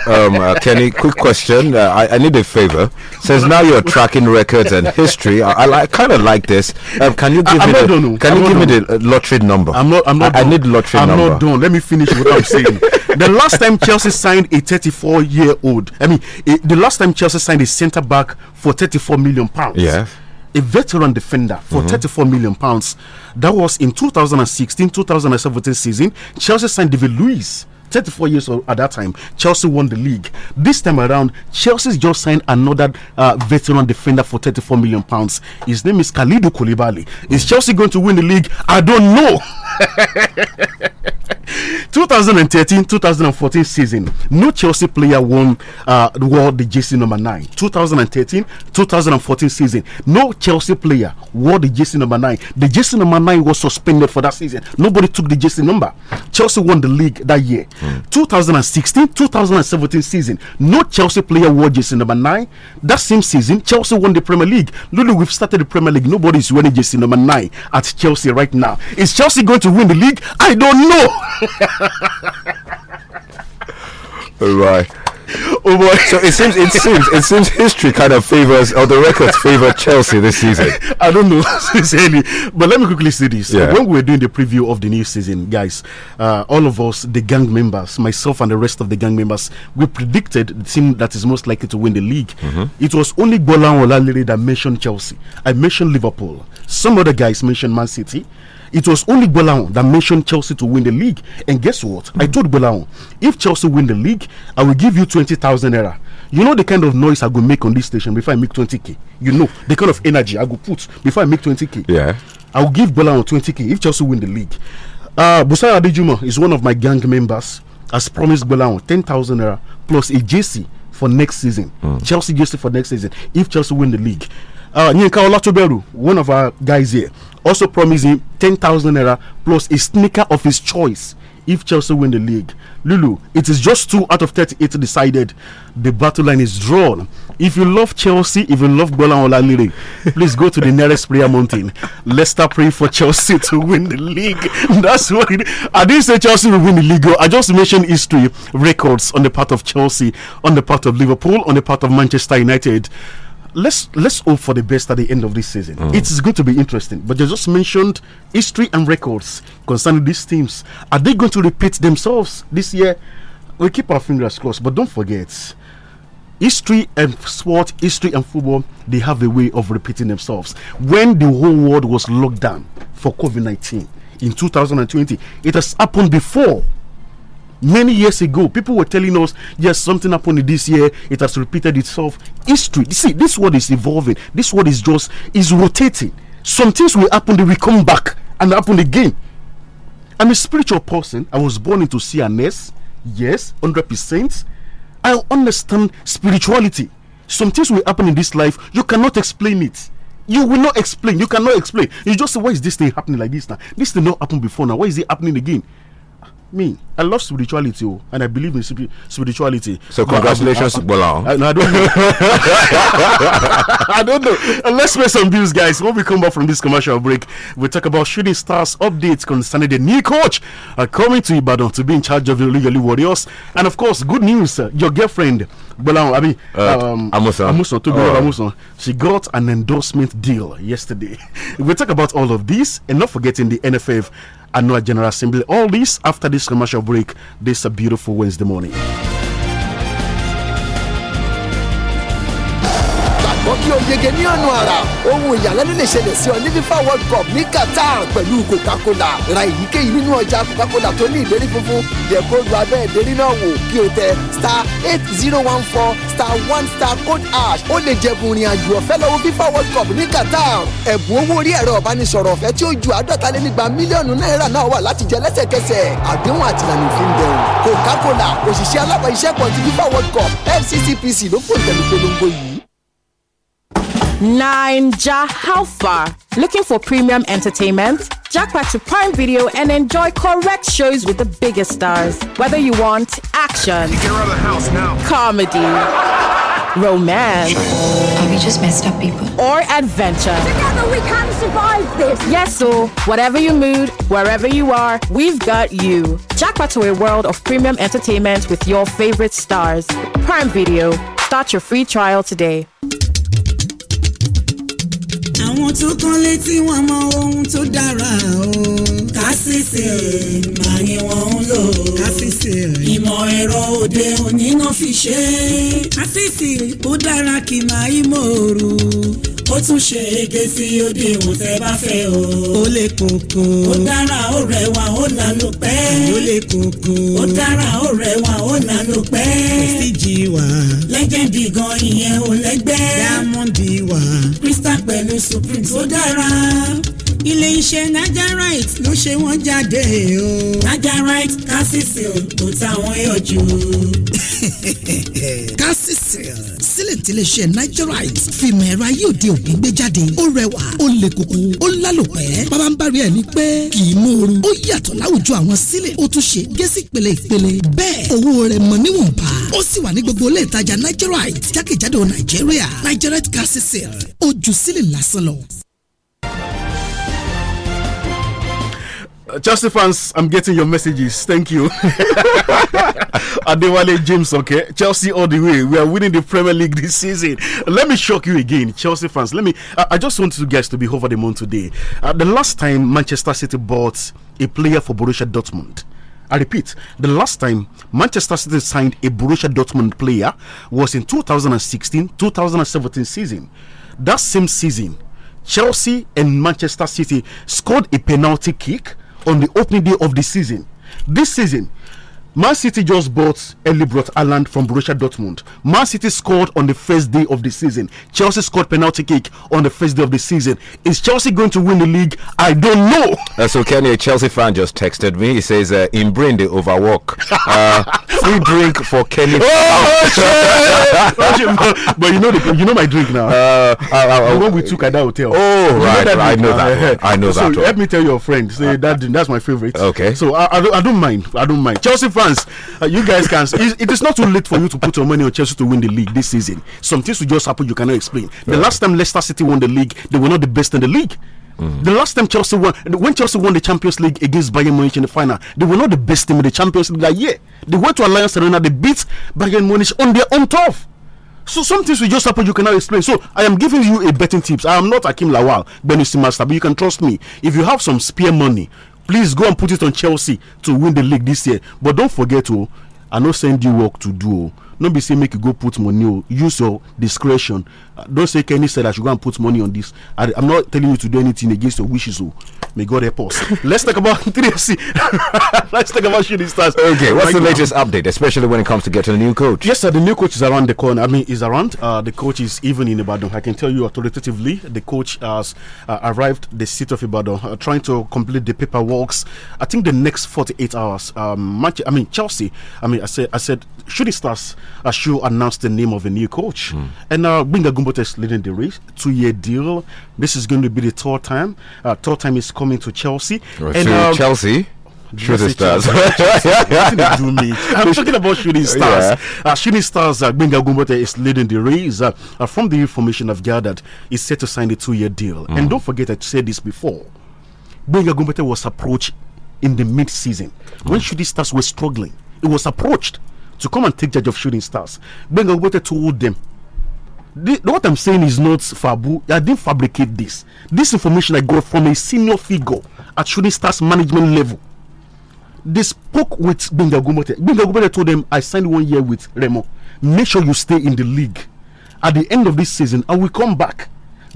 uh, um, uh, Kenny, quick question. Uh, I, I, need a favor. Since now you're tracking records and history, I, I, I kind of like this. Um, can you give me the, Can I'm you give done. me the uh, lottery number? I'm not. I'm not. I, need lottery I'm number. I'm not done. Let me finish what I'm saying. *laughs* the last time Chelsea signed a 34 year old, I mean, it, the last time Chelsea signed a centre back for 34 million pounds. Yeah a veteran defender for mm -hmm. 34 million pounds. That was in 2016 2017 season. Chelsea signed David Luiz 34 years old at that time. Chelsea won the league. This time around, Chelsea's just signed another uh, veteran defender for 34 million pounds. His name is Khalidou Koulibaly. Is Chelsea going to win the league? I don't know. *laughs* 2013 2014 season, no Chelsea player won uh, wore the jersey number nine. 2013 2014 season, no Chelsea player wore the jersey number nine. The jersey number nine was suspended for that season. Nobody took the jersey number. Chelsea won the league that year. 2016 2017 season, no Chelsea player wore jersey number nine. That same season, Chelsea won the Premier League. Lulu, we've started the Premier League. Nobody's wearing jersey number nine at Chelsea right now. Is Chelsea going to win the league? I don't know. *laughs* All right. *laughs* oh boy! So it seems, it seems, it seems history kind of favors, or the records favor Chelsea this season. *laughs* I don't know sincerely, *laughs* but let me quickly see this: yeah. when we were doing the preview of the new season, guys, uh, all of us, the gang members, myself and the rest of the gang members, we predicted the team that is most likely to win the league. Mm -hmm. It was only Bolan Olaleye that mentioned Chelsea. I mentioned Liverpool. Some other guys mentioned Man City. It was only Bolaon that mentioned Chelsea to win the league. And guess what? Mm -hmm. I told Bolaon, if Chelsea win the league, I will give you 20,000 era. You know the kind of noise I go make on this station before I make 20k. You know the kind of energy I go put before I make 20k. Yeah. I will give Bolaon 20k if Chelsea win the league. Uh, Busaya is one of my gang members. Has promised Bolaon 10,000 era plus a JC for next season. Mm. Chelsea JC for next season if Chelsea win the league. Uh, Nyenka Olatoberu, one of our guys here, also promised him 10,000 naira plus a sneaker of his choice if Chelsea win the league. Lulu, it is just two out of 38 decided. The battle line is drawn. If you love Chelsea, if you love Bola Olalire, please go to the nearest prayer mountain. Let's start praying for Chelsea to win the league. *laughs* That's why I didn't say Chelsea will win the league. Oh. I just mentioned history records on the part of Chelsea, on the part of Liverpool, on the part of Manchester United let's let's hope for the best at the end of this season. Mm. It's going to be interesting. But you just mentioned history and records concerning these teams. Are they going to repeat themselves this year? We keep our fingers crossed, but don't forget history and sport, history and football, they have a way of repeating themselves. When the whole world was locked down for COVID 19 in 2020, it has happened before Many years ago, people were telling us, yes, something happened this year. It has repeated itself. History. See, this world is evolving. This world is just is rotating. Some things will happen, they will come back and happen again. I'm a spiritual person. I was born into CNS. Yes, 100%. I understand spirituality. Some things will happen in this life. You cannot explain it. You will not explain. You cannot explain. You just say, why is this thing happening like this now? This did not happen before now. Why is it happening again? me i love spirituality oh, and i believe in spirituality so congratulations Bola. I, no, I don't know *laughs* i don't know uh, let's make some views guys when we come back from this commercial break we talk about shooting stars updates concerning the new coach uh, coming to ibadan to be in charge of the league warriors and of course good news uh, your girlfriend Bolan, I mean, uh, um, Amusan. Amusan, oh. She got an endorsement deal yesterday. *laughs* we'll talk about all of this and not forgetting the NFF annual general assembly. All this after this commercial break. This is a beautiful Wednesday morning. yege ní ọ̀nà àrà ohun ìyàlẹ́nu lè ṣẹlẹ̀ sí ọ ní FIFA World Cup ní Qatar pẹ̀lú Coca-Cola ra èyíkéyìí nínú ọjà Coca-Cola tó ní ìlérí funfun yẹ kó lu abẹ́ ìlérí náà wò kí o tẹ star eight zero one four star one star code ash ó lè jẹ̀bùn ìrìn àjò ọ̀fẹ́ lọ́wọ́ FIFA World Cup ní Qatar ẹ̀bùn owó orí ẹ̀rọ ìbánisọ̀rọ̀ ọ̀fẹ́ tí ó ju àádọ́talénígba mílíọ̀nù náírà náà wà láti jẹ lẹ́sẹ̀kẹsẹ̀ àdéhùn àtìlànà òfin dẹ̀rùn Coca-Cola òṣìṣẹ́ alábàáṣiṣẹ́pọ̀ ti FIFA World Cup FCCPC ló fòǹtẹ̀ ní polongo yìí. Ninja How Far. Looking for premium entertainment? Jackpot to Prime Video and enjoy correct shows with the biggest stars. Whether you want action, comedy, romance, have you just messed up people? Or adventure. Together we can survive this. Yes, so whatever your mood, wherever you are, we've got you. Jackpot to a world of premium entertainment with your favorite stars. Prime Video. Start your free trial today. mo tún kán létí wọn mọ ohun tó dára o. kásìsì màá ni wọ́n ń lò. kásìsì ìmọ̀ ẹ̀rọ òde òní náà fi ṣe. kásìsì ó dára kì máa í mòrò ó tún ṣe ege sí odi ìwò tẹ́ bá fẹ́ o. ó lè kùnkùn. ó dára ó rẹwà ó lànà pẹ́. ó lè kùnkùn. ó dára ó rẹwà ó lànà pẹ́. kò sí jí wa. lẹ́gẹ̀dì gan ìyẹn ò lẹ́gbẹ́. dáàmọ́ndì wa. crystal pẹ̀lú supreme tó dára ilé iṣẹ́ Nigerite ló ṣe wọ́n jáde o. Nigerite calcicil kò táwọn yọjú. *laughs* calcicil àkọsílẹ̀ tilẹ̀ ṣe nigerite fìmọ̀ ẹ̀rọ ayé òde òní gbé jáde ó rẹwà ó le koko ó lálòpẹ́ bàbá ń bari ẹ̀ ní pẹ́ kì í mòoru ó yàtọ̀ láwùjọ àwọn sílẹ̀ ó tún ṣe gẹ́sì pèlè ìpèlè bẹ́ẹ̀ owó rẹ̀ mọ̀ níwọ̀nba ó sì wà ní gbogbo ilé ìtajà nigerite jákèjádò nàìjíríà nigerite gas sale ó ju sílẹ̀ lásán lọ. Chelsea fans, I'm getting your messages. Thank you. *laughs* Adewale James, okay. Chelsea all the way. We are winning the Premier League this season. Let me shock you again, Chelsea fans. Let me. I, I just want you guys to be over the moon today. Uh, the last time Manchester City bought a player for Borussia Dortmund. I repeat, the last time Manchester City signed a Borussia Dortmund player was in 2016 2017 season. That same season, Chelsea and Manchester City scored a penalty kick on the opening day of the season. This season, Man City just bought Elibrot Island from Borussia Dortmund. Man City scored on the first day of the season. Chelsea scored penalty kick on the first day of the season. Is Chelsea going to win the league? I don't know. Uh, so Kenny, a Chelsea fan just texted me. He says, uh, "In brain they overwork. *laughs* Uh, free drink for Kenny." oh, but, you know, the, you know my drink now. Uh, uh, uh the one we uh, took at that hotel. Oh, you right. Know right I know now? that. I know *laughs* so that. So me tell your friend. Say uh, that. That's my favorite. Okay. So I, I, don't, I don't mind. I don't mind. Chelsea fan fans, uh, you guys can. It is not too late for you to put your money on Chelsea to win the league this season. Some things will just happen you cannot explain. The last time Leicester City won the league, they were not the best in the league. Mm. The last time Chelsea won, when Chelsea won the Champions League against Bayern Munich in the final, they were not the best team in the Champions League that year. They went to Alliance Arena, they beat Bayern Munich on their own turf. So some things will just happen you cannot explain. So I am giving you a betting tips. I am not Akim Lawal, Benny Master, but you can trust me. If you have some spare money, Please go and put it on Chelsea to win the league this year. But don't forget, oh, I no send you work to do. Oh. No be say make you go put money. Oh. Use your discretion don't say Kenny said I should go and put money on this. I, am not telling you to do anything against your wishes. So oh. may God help us. *laughs* Let's talk about 3FC. *laughs* *laughs* Let's talk about shooting stars. Okay, what's right the latest update, especially when it comes to getting a new coach? Yes, sir. The new coach is around the corner. I mean, is around. Uh, the coach is even in Ibadan. I can tell you authoritatively, the coach has uh, arrived the seat of Ibadan, uh, trying to complete the paperwork. I think the next 48 hours. Um, I mean, Chelsea. I mean, I said, I said, shooting stars. I uh, should announce the name of a new coach, mm. and uh, Binga Gumbo is leading the race. Two-year deal. This is going to be the third time. Uh, third time is coming to Chelsea. Right, and, um, Chelsea. Shooting stars. *laughs* I'm talking about shooting stars. Yeah. Uh, shooting stars, uh, Benga Gumbote is leading the race. Uh, uh, from the information I've gathered, is set to sign a two year deal. Mm. And don't forget, I said this before. Benga Gumbote was approached in the mid season mm. when shooting stars were struggling. It was approached to come and take charge of shooting stars. Benga Gumbote told them, the, what I'm saying is not fabu. I didn't fabricate this. This information I got from a senior figure at Shooting Stars management level. They spoke with Benga Gumote. Benga Gumote told them, I signed one year with Remo. Make sure you stay in the league. At the end of this season, I will come back.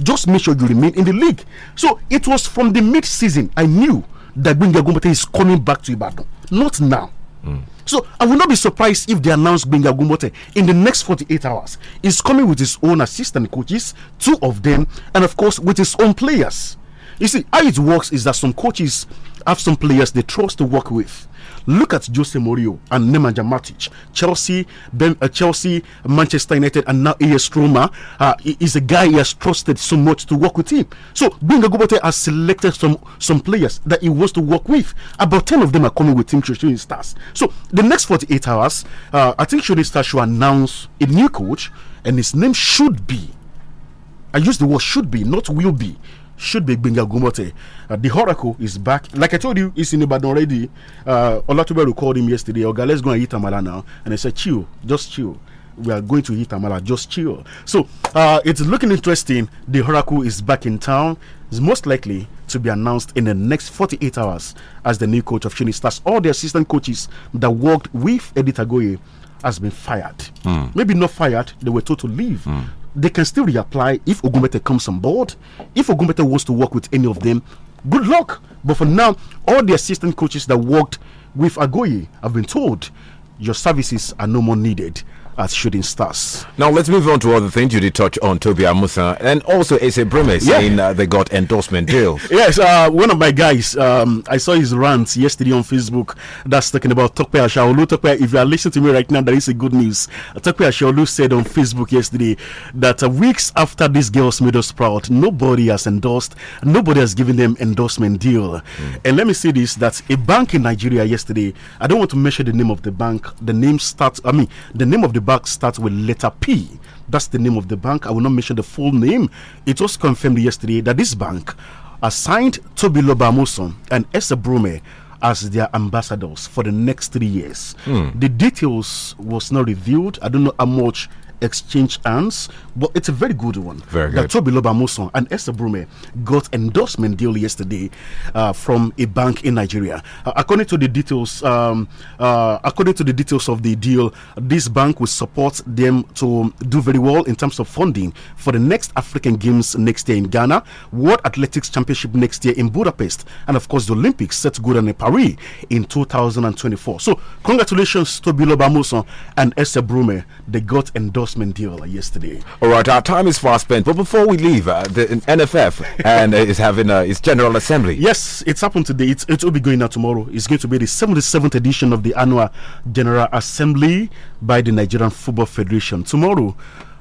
Just make sure you remain in the league. So it was from the mid season I knew that Benga Gumote is coming back to Ibadan. Not now. Mm. So I will not be surprised if they announce Benga Gumbote in the next 48 hours. He's coming with his own assistant coaches, two of them, and of course with his own players. You see, how it works is that some coaches have some players they trust to work with. Look at Jose Mourinho and Nemanja Matic. Chelsea, ben, uh, Chelsea, Manchester United, and now AS Roma uh, is a guy he has trusted so much to work with him. So Benga Gobote has selected some some players that he wants to work with. About 10 of them are coming with Team Shooting Stars. So the next 48 hours, uh, I think Shooting Stars should announce a new coach, and his name should be. I use the word should be, not will be should be Benga Gumote. Uh, the Oracle is back. Like I told you, he's in the Ibadan already. Uh, Olatuberu called him yesterday. Okay, let's go and eat Amala now. And I said, chill, just chill. We are going to eat Amala, just chill. So uh, it's looking interesting. The Oracle is back in town. It's most likely to be announced in the next 48 hours as the new coach of Shiny Stars. All the assistant coaches that worked with Edith Agoye has been fired. Mm. Maybe not fired, they were told to leave. Mm they can still reapply if Ogumete comes on board. If Ogumete wants to work with any of them, good luck. But for now, all the assistant coaches that worked with Agoye have been told your services are no more needed as shooting stars. Now let's move on to other things you did touch on, Toby Amusa, and also Ace Brumes yeah. in uh, the got endorsement deal. *laughs* yes, uh, one of my guys, um, I saw his rant yesterday on Facebook that's talking about Tokpe Ashaolu. Tokpe, if you are listening to me right now, there is a good news. Tokpe Ashaolu said on Facebook yesterday that uh, weeks after these girls made us proud, nobody has endorsed, nobody has given them endorsement deal. Mm. And let me say this: that a bank in Nigeria yesterday, I don't want to mention the name of the bank. The name starts, I mean, the name of the bank starts with letter P. That's the name of the bank. I will not mention the full name. It was confirmed yesterday that this bank assigned Toby Lobamuson and Esther Brume as their ambassadors for the next three years. Mm. The details was not revealed. I don't know how much exchange hands, but it's a very good one. Very good. That Toby Lobamuson and Esther Brume got endorsement deal yesterday uh, from a bank in Nigeria. Uh, according to the details, um, uh, according to the details of the deal, this bank will support them to do very well in terms of funding for the next African Games next year in Ghana, World Athletics Championship next year in Budapest, and of course the Olympics set good in Paris in 2024. So congratulations to Biloba Muson and Esther Brume. They got endorsed Mandela yesterday. All right, our time is fast spent, but before we leave, uh, the NFF *laughs* and uh, is having uh, its general assembly. Yes, it's happened today. It's, it will be going out tomorrow. It's going to be the 77th edition of the annual general assembly by the Nigerian Football Federation. Tomorrow,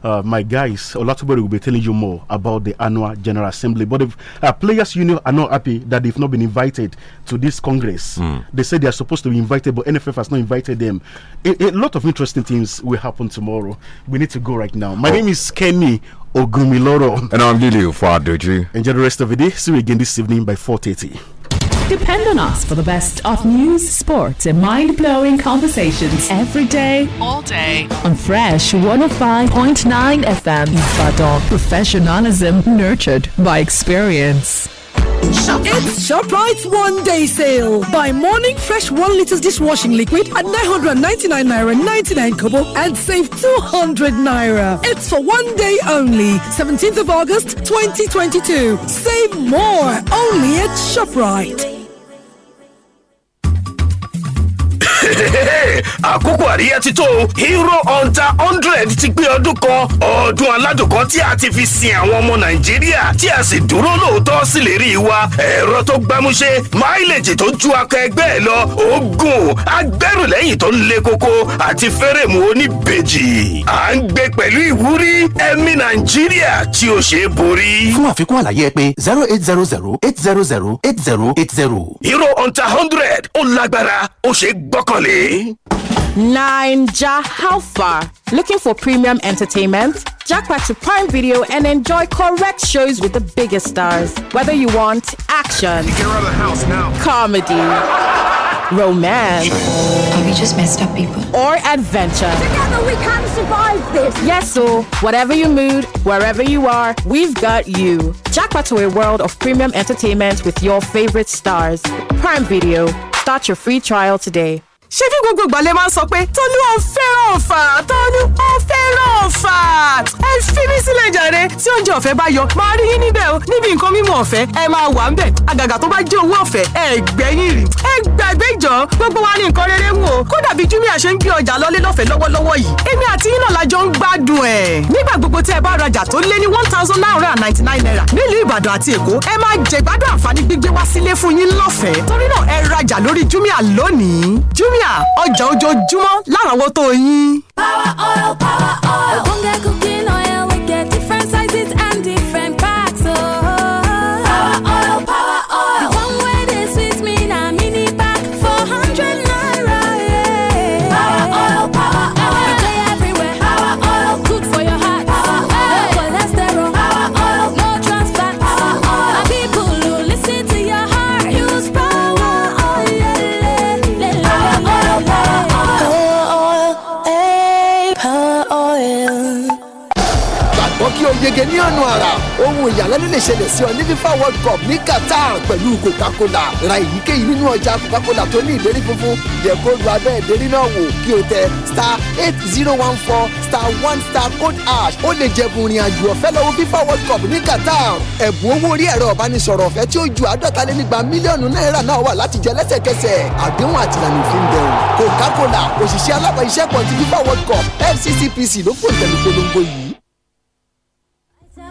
uh, my guys, Olatubori will be telling you more about the annual General Assembly. But if uh, players' union are not happy that they've not been invited to this Congress, mm. they say they are supposed to be invited, but NFF has not invited them. A, a lot of interesting things will happen tomorrow. We need to go right now. My oh. name is Kenny Ogumiloro. And I'm Lily Ufadoji. Enjoy the rest of the day. See you again this evening by 4.30. Depend on us for the best of news, sports, and mind blowing conversations every day, all day on Fresh 105.9 FM. Ibadan. Professionalism nurtured by experience. ShopRite. It's ShopRite's one day sale. Buy morning fresh 1 litres dishwashing liquid at 999 naira 99 kobo and save 200 naira. It's for one day only, 17th of August 2022. Save more only at ShopRite. *laughs* àkókò àríyá ti hero hunter hundred ti pé ọdún kan ọdún aládùn kan tí a ti fi sin àwọn ọmọ nàìjíríà tí a sì dúró lóòótọ́ sí lè rí i wa ẹ̀rọ tó gbámúṣé máìlèjì tó ju akọ ẹgbẹ́ ẹ lọ oògùn agbẹrùlẹ́yìn tó ń le koko àti fẹ́rẹ̀mù oníbejì à ń gbé pẹ̀lú ìwúrí ẹ̀mí nàìjíríà tí ó ṣe é borí. fún àfikún àlàyé ẹ pé zero eight zero zero eight zero zero eight zero eight zero. hero hunter hundred ó lágbára ó ṣe é gbọ́kàn Money. how far? Looking for premium entertainment? Jackpot to Prime Video and enjoy correct shows with the biggest stars. Whether you want action, you comedy, romance, have you just messed up people? Or adventure. Together we can survive this. Yes, so whatever your mood, wherever you are, we've got you. Jackpot to a world of premium entertainment with your favorite stars. Prime Video. Start your free trial today. ṣé bí gbogbo ìgbà lè máa ń sọ pé tolú ò fẹ́ràn ọ̀fà tolú ò fẹ́ràn ọ̀fà ẹ fi mí sílẹ̀ jàre tí oúnjẹ ọ̀fẹ́ bá yọ máa rí yín níbẹ̀ o níbi nǹkan mímu ọ̀fẹ́ ẹ máa wà ńbẹ̀ àgàgà tó bá jẹ́ owó ọ̀fẹ́ ẹ gbẹ̀yìn rì ẹ gbàgbé ìjọ gbogbo wa ní nǹkan rere mu o kódà bí jumia ṣe ń gbé ọjà lọlé lọ́fẹ̀ẹ́ lọ́wọ́lọ́wọ́ yìí la jọ ń gbádùn ẹ̀ nígbà gbogbo tí ẹ bá rajà one thousand nine ninety nine naira nílùú Ìbàdàn àti Èkó ẹ máa jẹ ìgbádùn àǹfààní gbígbé wá sílé fún yín lọ́fẹ̀ẹ́ torí náà ẹ rajà lórí jumia lónìí jumia jumia ọjà ojoojúmọ́ láràwọ́tò yín. power oil power oil ògùn cooking oil. ìdíje ní ọ̀nà àrà ohun ìyàlẹ́nu lè ṣẹlẹ̀ sí ọ ní FIFA World Cup ní Qatar pẹ̀lú Coca-Cola ra èyíkéyìí nínú ọjà Coca-Cola tó ní ìdérí funfun yẹ kó lu abẹ́ ìdérí náà wò kí o tẹ star eight zero one four star one star code ash ó lè jẹ̀bùn ìrìn àjò ọ̀fẹ́ lọ́wọ́ FIFA World Cup ní Qatar ẹ̀bùn owó orí ẹ̀rọ ìbánisọ̀rọ̀ ọ̀fẹ́ tí ó ju àádọ́talénígba mílíọ̀nù náírà náà wà láti jẹ lẹ́sẹ̀kẹsẹ̀ àdéhùn àtìlànà òfin bẹ̀rù Coca-Cola òṣìṣẹ́ alábàáṣiṣẹ́pọ̀ ti FIFA World Cup FCCPC ló fòǹtẹ̀ ní polongo yìí.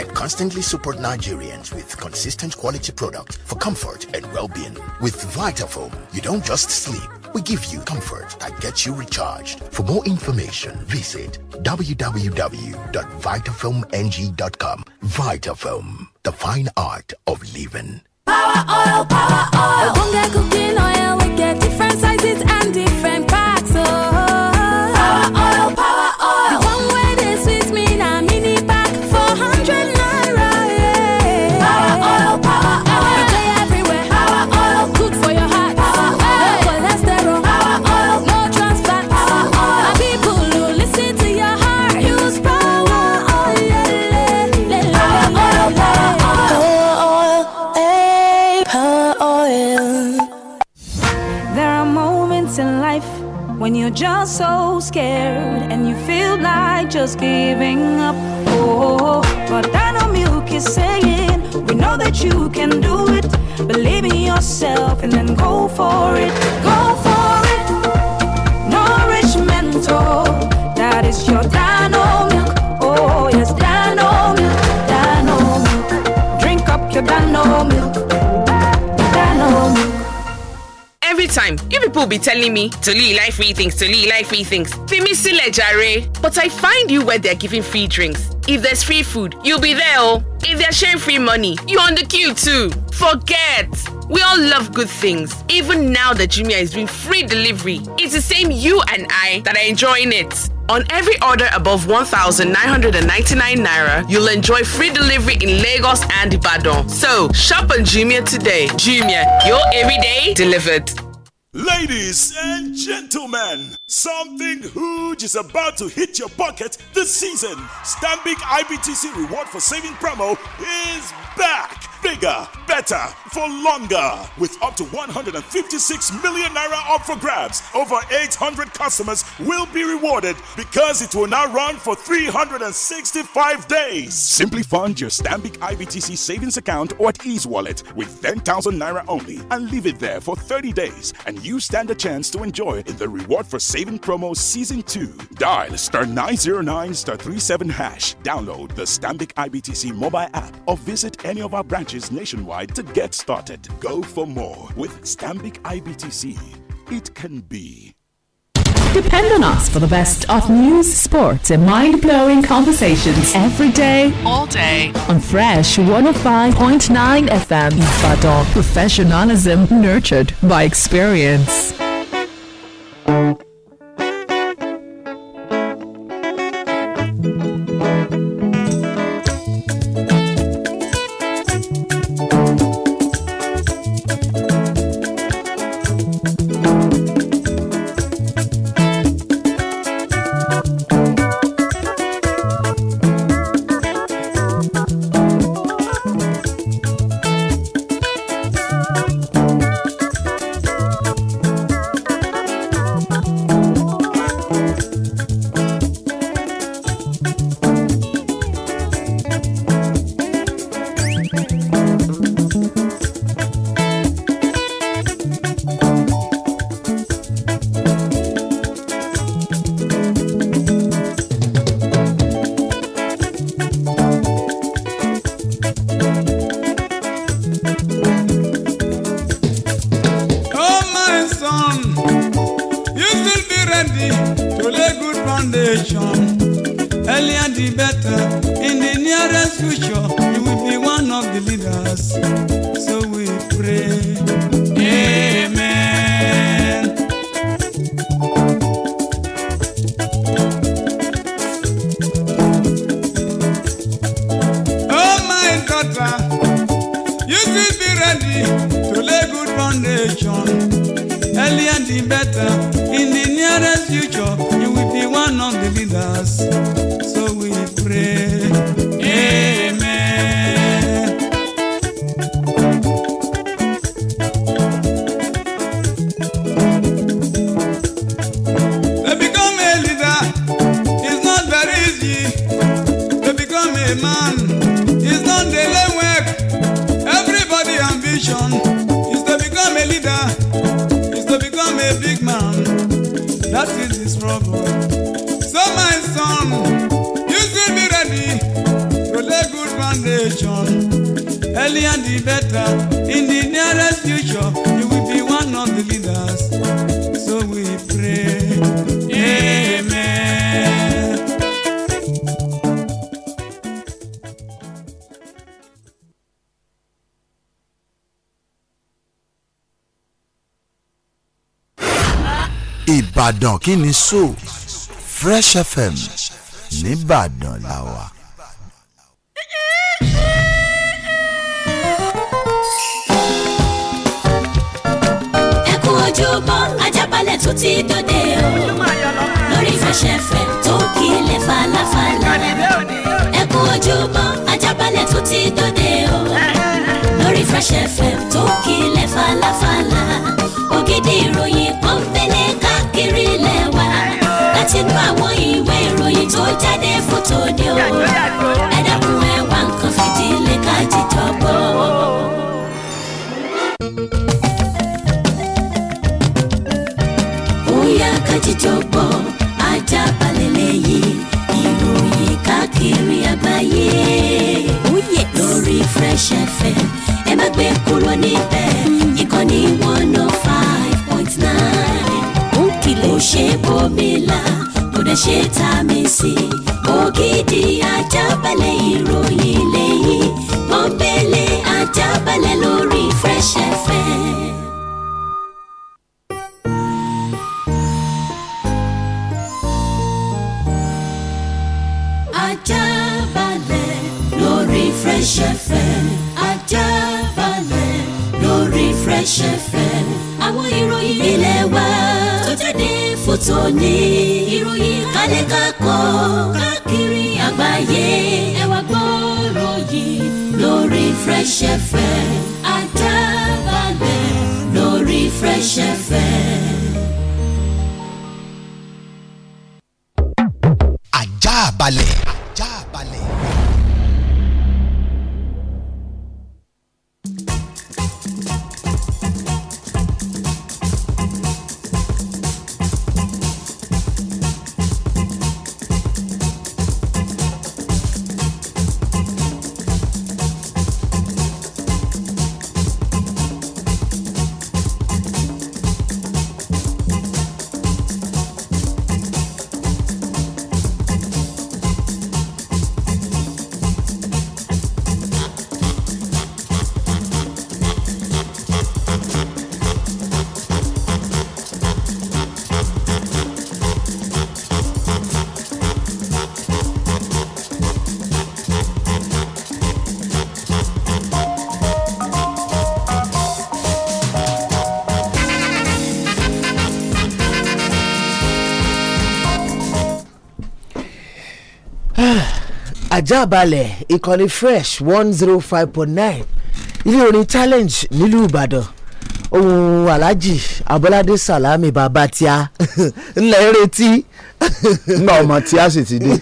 and constantly support Nigerians with consistent quality products for comfort and well-being. With Vitafoam, you don't just sleep. We give you comfort that gets you recharged. For more information, visit www.vitafilmng.com. Vitafilm, the fine art of living. Power oil, power oil. cooking oil, we get different sizes and different just giving up. Oh, but I know Milk is saying, We know that you can do it. Believe in yourself and then go for it. Go for it. No rich mentor, that is your time. time, you people be telling me, to leave life free things, to leave life free things. They sile jare. But I find you where they're giving free drinks. If there's free food, you'll be there. Oh. If they're sharing free money, you're on the queue too. Forget. We all love good things. Even now that Jumia is doing free delivery, it's the same you and I that are enjoying it. On every order above 1,999 naira, you'll enjoy free delivery in Lagos and Ibadan. So, shop on Jumia today. Jumia, your everyday delivered. Ladies and gentlemen, something huge is about to hit your pocket this season. Stanbic IBTC reward for saving promo is back bigger, better, for longer. With up to 156 million naira up for grabs, over 800 customers will be rewarded because it will now run for 365 days. Simply fund your Stambic IBTC savings account or at Ease Wallet with 10,000 naira only and leave it there for 30 days, and you stand a chance to enjoy the reward for saving promo season 2. Dial star 909 star 37 hash. Download the Stambic IBTC mobile app or visit any of our branches branches nationwide to get started. Go for more with Stambic IBTC. It can be. Depend on us for the best of news, sports, and mind blowing conversations every day, all day on Fresh 105.9 FM. Ibadan. Professionalism nurtured by experience. so Fresh FM nìbàdàn la wà. ẹkún ojúbọ ajábalẹ̀ tó ti dòde o lórí Fresh FM tó kílẹ̀ falafala ẹkún ojúbọ ajábalẹ̀ tó ti dòde o lórí Fresh FM tó kílẹ̀ falafala ògidì ìròyìn kan fẹlẹ̀ káàkiri lẹ́wọ̀ látinú àwọn ìwé ìròyìn tó jáde fún tòde o ẹ dákun ẹ wá nǹkan fìdílé ká jíjọ gbọ́. bóyá ká jíjọ gbọ́ ajá balẹ̀ lẹ́yìn ìròyìn káàkiri àgbáyé oh, lórí Fresh FM ẹ má gbé kúrò níbẹ̀ ìkànnì one oh five point nine ṣe bòmílà kò dẹ̀ ṣe ta mi sí ògidì ajábalẹ̀ ìròyìn lẹ́yìn pọ́npẹ́lẹ́ ajábalẹ̀ lórí Fresh FM. Ajábalẹ̀ lórí Fresh FM Ajábalẹ̀ lórí Fresh FM àwọn ìròyìn ilé wa àbájáde fòtò ní ìròyìn kálẹ̀ kakọ́ káàkiri àgbáyé ẹ wá gbọ́rọ̀ yìí lórí Fresh FM Ajaabale lórí Fresh FM. Ajaabale. Ajaabale. àjàbalẹ̀ ìkànnì fresh one zero five point nine ilé orin challenge nílùú ìbàdàn ohun alhaji abọ́ládé salami bàbá tíá *laughs* ńlẹ̀ retí. nígbà ọmọ tíá sì ti dé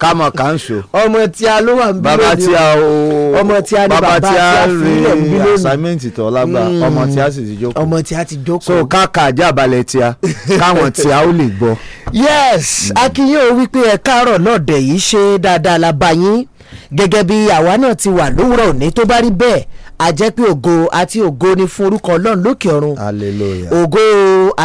ká mọ̀ ká ń so. ọmọ tíá ló wà ń bí lónìí bàbá tíá o ọmọ tíá ni bàbá tíá fílẹ̀ ń bí lónìí. assignment tó lágbà hmm. ọmọ tíá sì ti jókòó. ọmọ tíá ti jókòó. so káàkà ajá balẹ̀ tíá káwọn tíá ó lè gbọ́. yes hmm. akínyìn ò wípé ẹ káàárọ̀ lọ́ọ̀dẹ̀ yìí ṣe dáadáa la bá yín gẹ́gẹ́ bí àwa náà ti wà lówùrọ̀ òní tó bá rí bẹ́ẹ̀ àjẹ́ pé ògo àti ògo ni fún orúkọ ọlọ́run lókè ọ̀run hallelujah ògo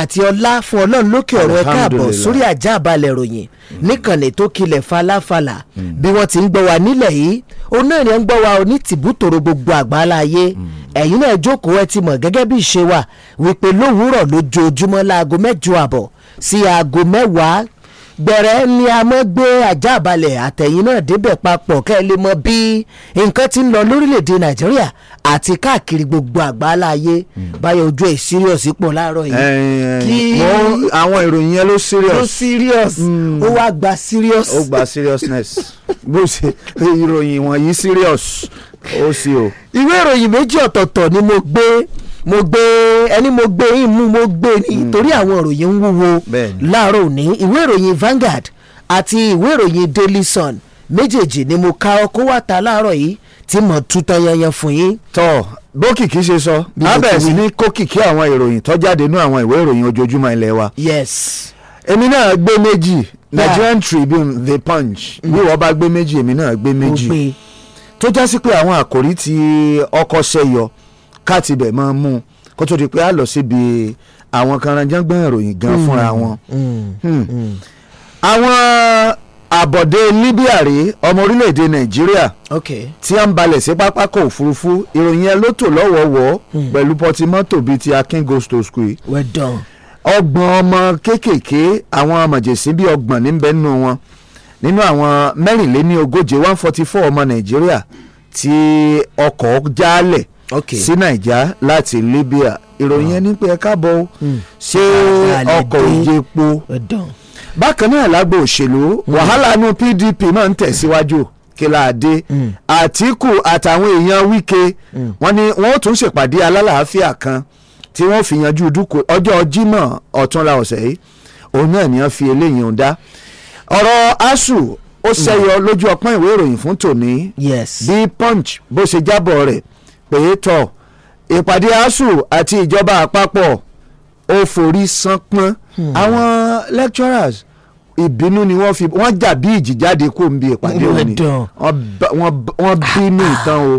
àti ọlá fún ọlọ́run lókè ọ̀run ẹ káàbọ̀ sórí àjà àbálẹ̀ ìròyìn níkànnì tó kilẹ̀ falafala bí wọ́n ti ń gbọ́ wa nílẹ̀ yìí òun náà ni ẹ ń gbọ́ wa ní tìbútòrò gbogbo àgbáńlá ayé ẹ̀yin náà jókòó ẹ ti mọ̀ gẹ́gẹ́ bí ìṣe wa wípé lówùúrọ̀ lójoojúmọ́ láago mẹ́jọ àbọ̀ sí aago mẹ́wàá gbẹ̀rẹ́ ni a mọ́ gbé àjàbalẹ̀ àtẹ̀yìn náà débẹ̀ papọ̀ kẹ́ ẹ lè mọ bí nǹkan ti ń lọ lórílẹ̀‐èdè nàìjíríà àti káàkiri gbogbo àgbáńlá ayé hmm. báyọ̀ ojú ẹ̀ serious pọ̀ láàárọ̀ yìí. kí àwọn ìròyìn yẹn ló serious. ló serious hmm. ó wá gba serious. ó gba seriousness *laughs* bó ṣe ìròyìn wọ̀nyí serious ó sì o. ìwé ìròyìn méjì ọ̀tọ̀ọ̀tọ̀ ni mo gbé mo gbé ẹni mo gbé yín mú mo gbé ni hmm. torí àwọn ìròyìn ń wúwo láàárọ̀ òní ìwé ìròyìn Vanguard àti ìwé ìròyìn Daily Sun méjèèjì ni mo ka ọkọ wà ta láàárọ̀ yìí tí mo tútọ yanyan fún yín. tọ bó kìkì ṣe sọ abẹ sí ní kó kìkì àwọn ìròyìn tó jáde nú àwọn ìwé ìròyìn ojoojúmọ́ ilé wa. yes. èmi náà gbé méjì Nigerian Tribune The Punch mm. bí wọ́n bá gbé méjì èmi náà gbé méjì tó já pé àwọn àkòrí tí ọkọ̀ ṣe yọ káàtì bẹ̀ máa mú un kó tó di pé a lọ síbi àwọn kanranjágbọ́n ìròyìn gan hmm. fúnra wọn. Hmm. Hmm. àwọn àbọ̀dé Libya rèé ọmọ orílẹ̀-èdè Nàìjíríà tí a ń balẹ̀ sí pápákọ̀ òfurufú ìròyìn ẹ ló tò lọ́wọ́wọ́ pẹ̀lú pọtimọ́tò bíi ti Akin goes to school. well done. ọgbọ̀n ọmọ kéékèèké àwọn amọ̀jẹ̀sí bíi ọgbọ̀n níbẹ̀ nínú wọn nínú àwọn mẹ́rìnléní one forty four ọmọ Nàìjíríà tí ọkọ̀ jálẹ̀ sí naija láti libya ìròyìn yẹn ah. ní pé ẹ káàbọ̀ o hmm. ṣé ọkọ̀ òye epo bákan náà lágbo òṣèlú hmm. wàhálà nu pdp máa ń tẹ̀síwájú kíláàdé hmm. àtìkù àtàwọn èèyàn wíkẹ́ wọn ni wọn ó tún ṣèpàdé alálàáfíà kan tí wọ́n fi yanjú dúkọ ọjọ́ Jímọ̀ ọ̀túnla ọ̀sẹ̀ yìí òun náà ni wọ́n fi eléyìí ń dá ọ̀rọ̀ asu ó ṣẹyọ lójú ọpọ́n ìwé ìròyìn fún tòní bí punch bó ṣe jábọ̀ rẹ̀ pé tọ̀ ìpàdé asuu àti ìjọba àpapọ̀ ó forí sánpọ́n hmm. àwọn lecturers ìbínú ni wọ́n fi wọ́n jà bí ìjì jáde kó n bí ìpàdé òní wọ́n bínú ìtàn o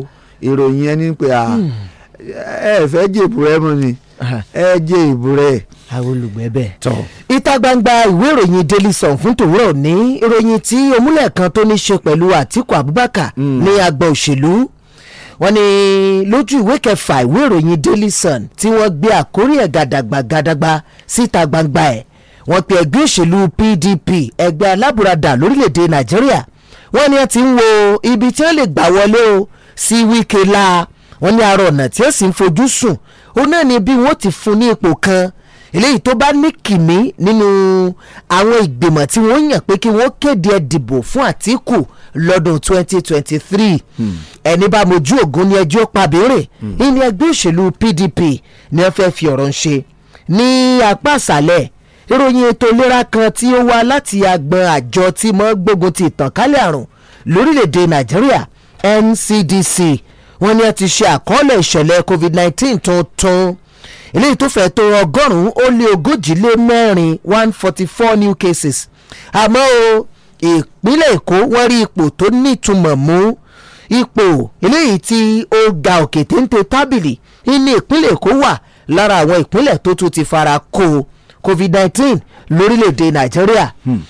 ìròyìn ẹni pé a hmm. ẹ fẹ́ jẹ ìbúrẹ́ mu ni ẹ jẹ ìbúrẹ́. àwọn olùgbẹ́bẹ̀. ìta gbangba ìwé ìròyìn Daily Sun fún tòwúrọ̀ ní ìròyìn tí omúlẹ̀ kan tó ní ṣe pẹ̀lú Àtíkù Abubakar hmm. ní agbo òṣèlú wọ́n ní lójú ìwé kẹfà ìwé ìròyìn Daily Sun tí wọ́n gbé àkórí ẹ̀ gàdàgbà gàdàgbà síta gbangba ẹ̀ wọ́n pe ẹgbẹ́ òṣèlú PDP ẹgbẹ́ alábùradà lórílẹ̀‐èdè Nàìjíríà wọ́n ní ẹ ti ń wo ibi tí wọ́n lè gbà wọlé o sí Wike la wọ́n ní arọ ọ̀nà tí ó sì ń fojú sùn òun náà ni bí wọ́n ti fún ní ipò kan eléyìí tó bá ní kìmí nínú àwọn ìgbìmọ̀ tí wọ́n yàn pé kí wọ́n kéde ẹ̀ fún Àtíkù lọ́dún 2023 hmm. ẹni bá mojú ògùn ni ẹjọ́ pàbẹ́rẹ́ ìní hmm. ẹgbẹ́ òṣèlú PDP ni wọ́n fẹ́ fi ọ̀rọ̀ ń ṣe ní apá àṣálẹ̀ ìròyìn ètò ìlera kan tí ó wá láti agbọn àjọ tí mọ́ gbógun ti ìtànkálẹ̀ àrùn lórílẹ̀‐èdè Nàìjíríà NCDC wọ́n ní ẹ ti ṣe àkọọ́lẹ̀ ìṣẹ̀lẹ̀ COVID-19 tuntun eléyìí tó fẹ́ tó ọgọ́rùn-ún ó lé ogójì lé mẹ́rin one forty four new cases àmọ́ o ìpínlẹ̀ èkó wọ́n rí ipò tó nítumọ̀ mú ipò eléyìí tí ó ga òkè téńté tábìlì ní ìpínlẹ̀ èkó wà lára àwọn ìpínlẹ̀ tó tún ti fara kó covid nineteen lórílẹ̀‐èdè nàìjíríà. Hmm.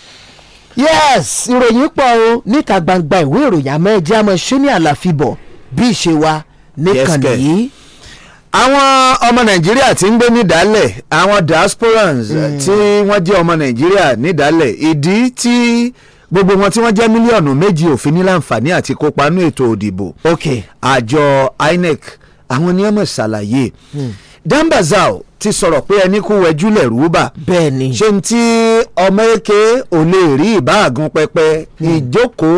yes ìròyìn pọ̀ o níta gbangba ìwé ìròyìn àmọ́ ẹ̀jẹ̀ àmọ́ ṣé ní àlàfíbọ̀ bí ìṣe wa nìkan nìyí. Yes, àwọn ọmọ nàìjíríà tí ń gbé nídàálẹ̀ àwọn diasporans hmm. tí wọ́n jẹ́ ọmọ nàìjíríà nídàálẹ̀ ìdí tí gbogbo wọn tí wọ́n jẹ́ mílíọ̀nù méjì òfin ní láǹfààní àti kópa nínú ètò òdìbò àjọ INEC àwọn ni wọ́n mọ̀ ṣàlàyé hmm. Dan Bazao ti sọ̀rọ̀ pé ẹni kú wẹjú lẹ̀ rúbà bẹ́ẹ̀ni ṣé n tí ọmọ èké ò lè rí ìbáàgùn pẹpẹ hmm. ìjókòó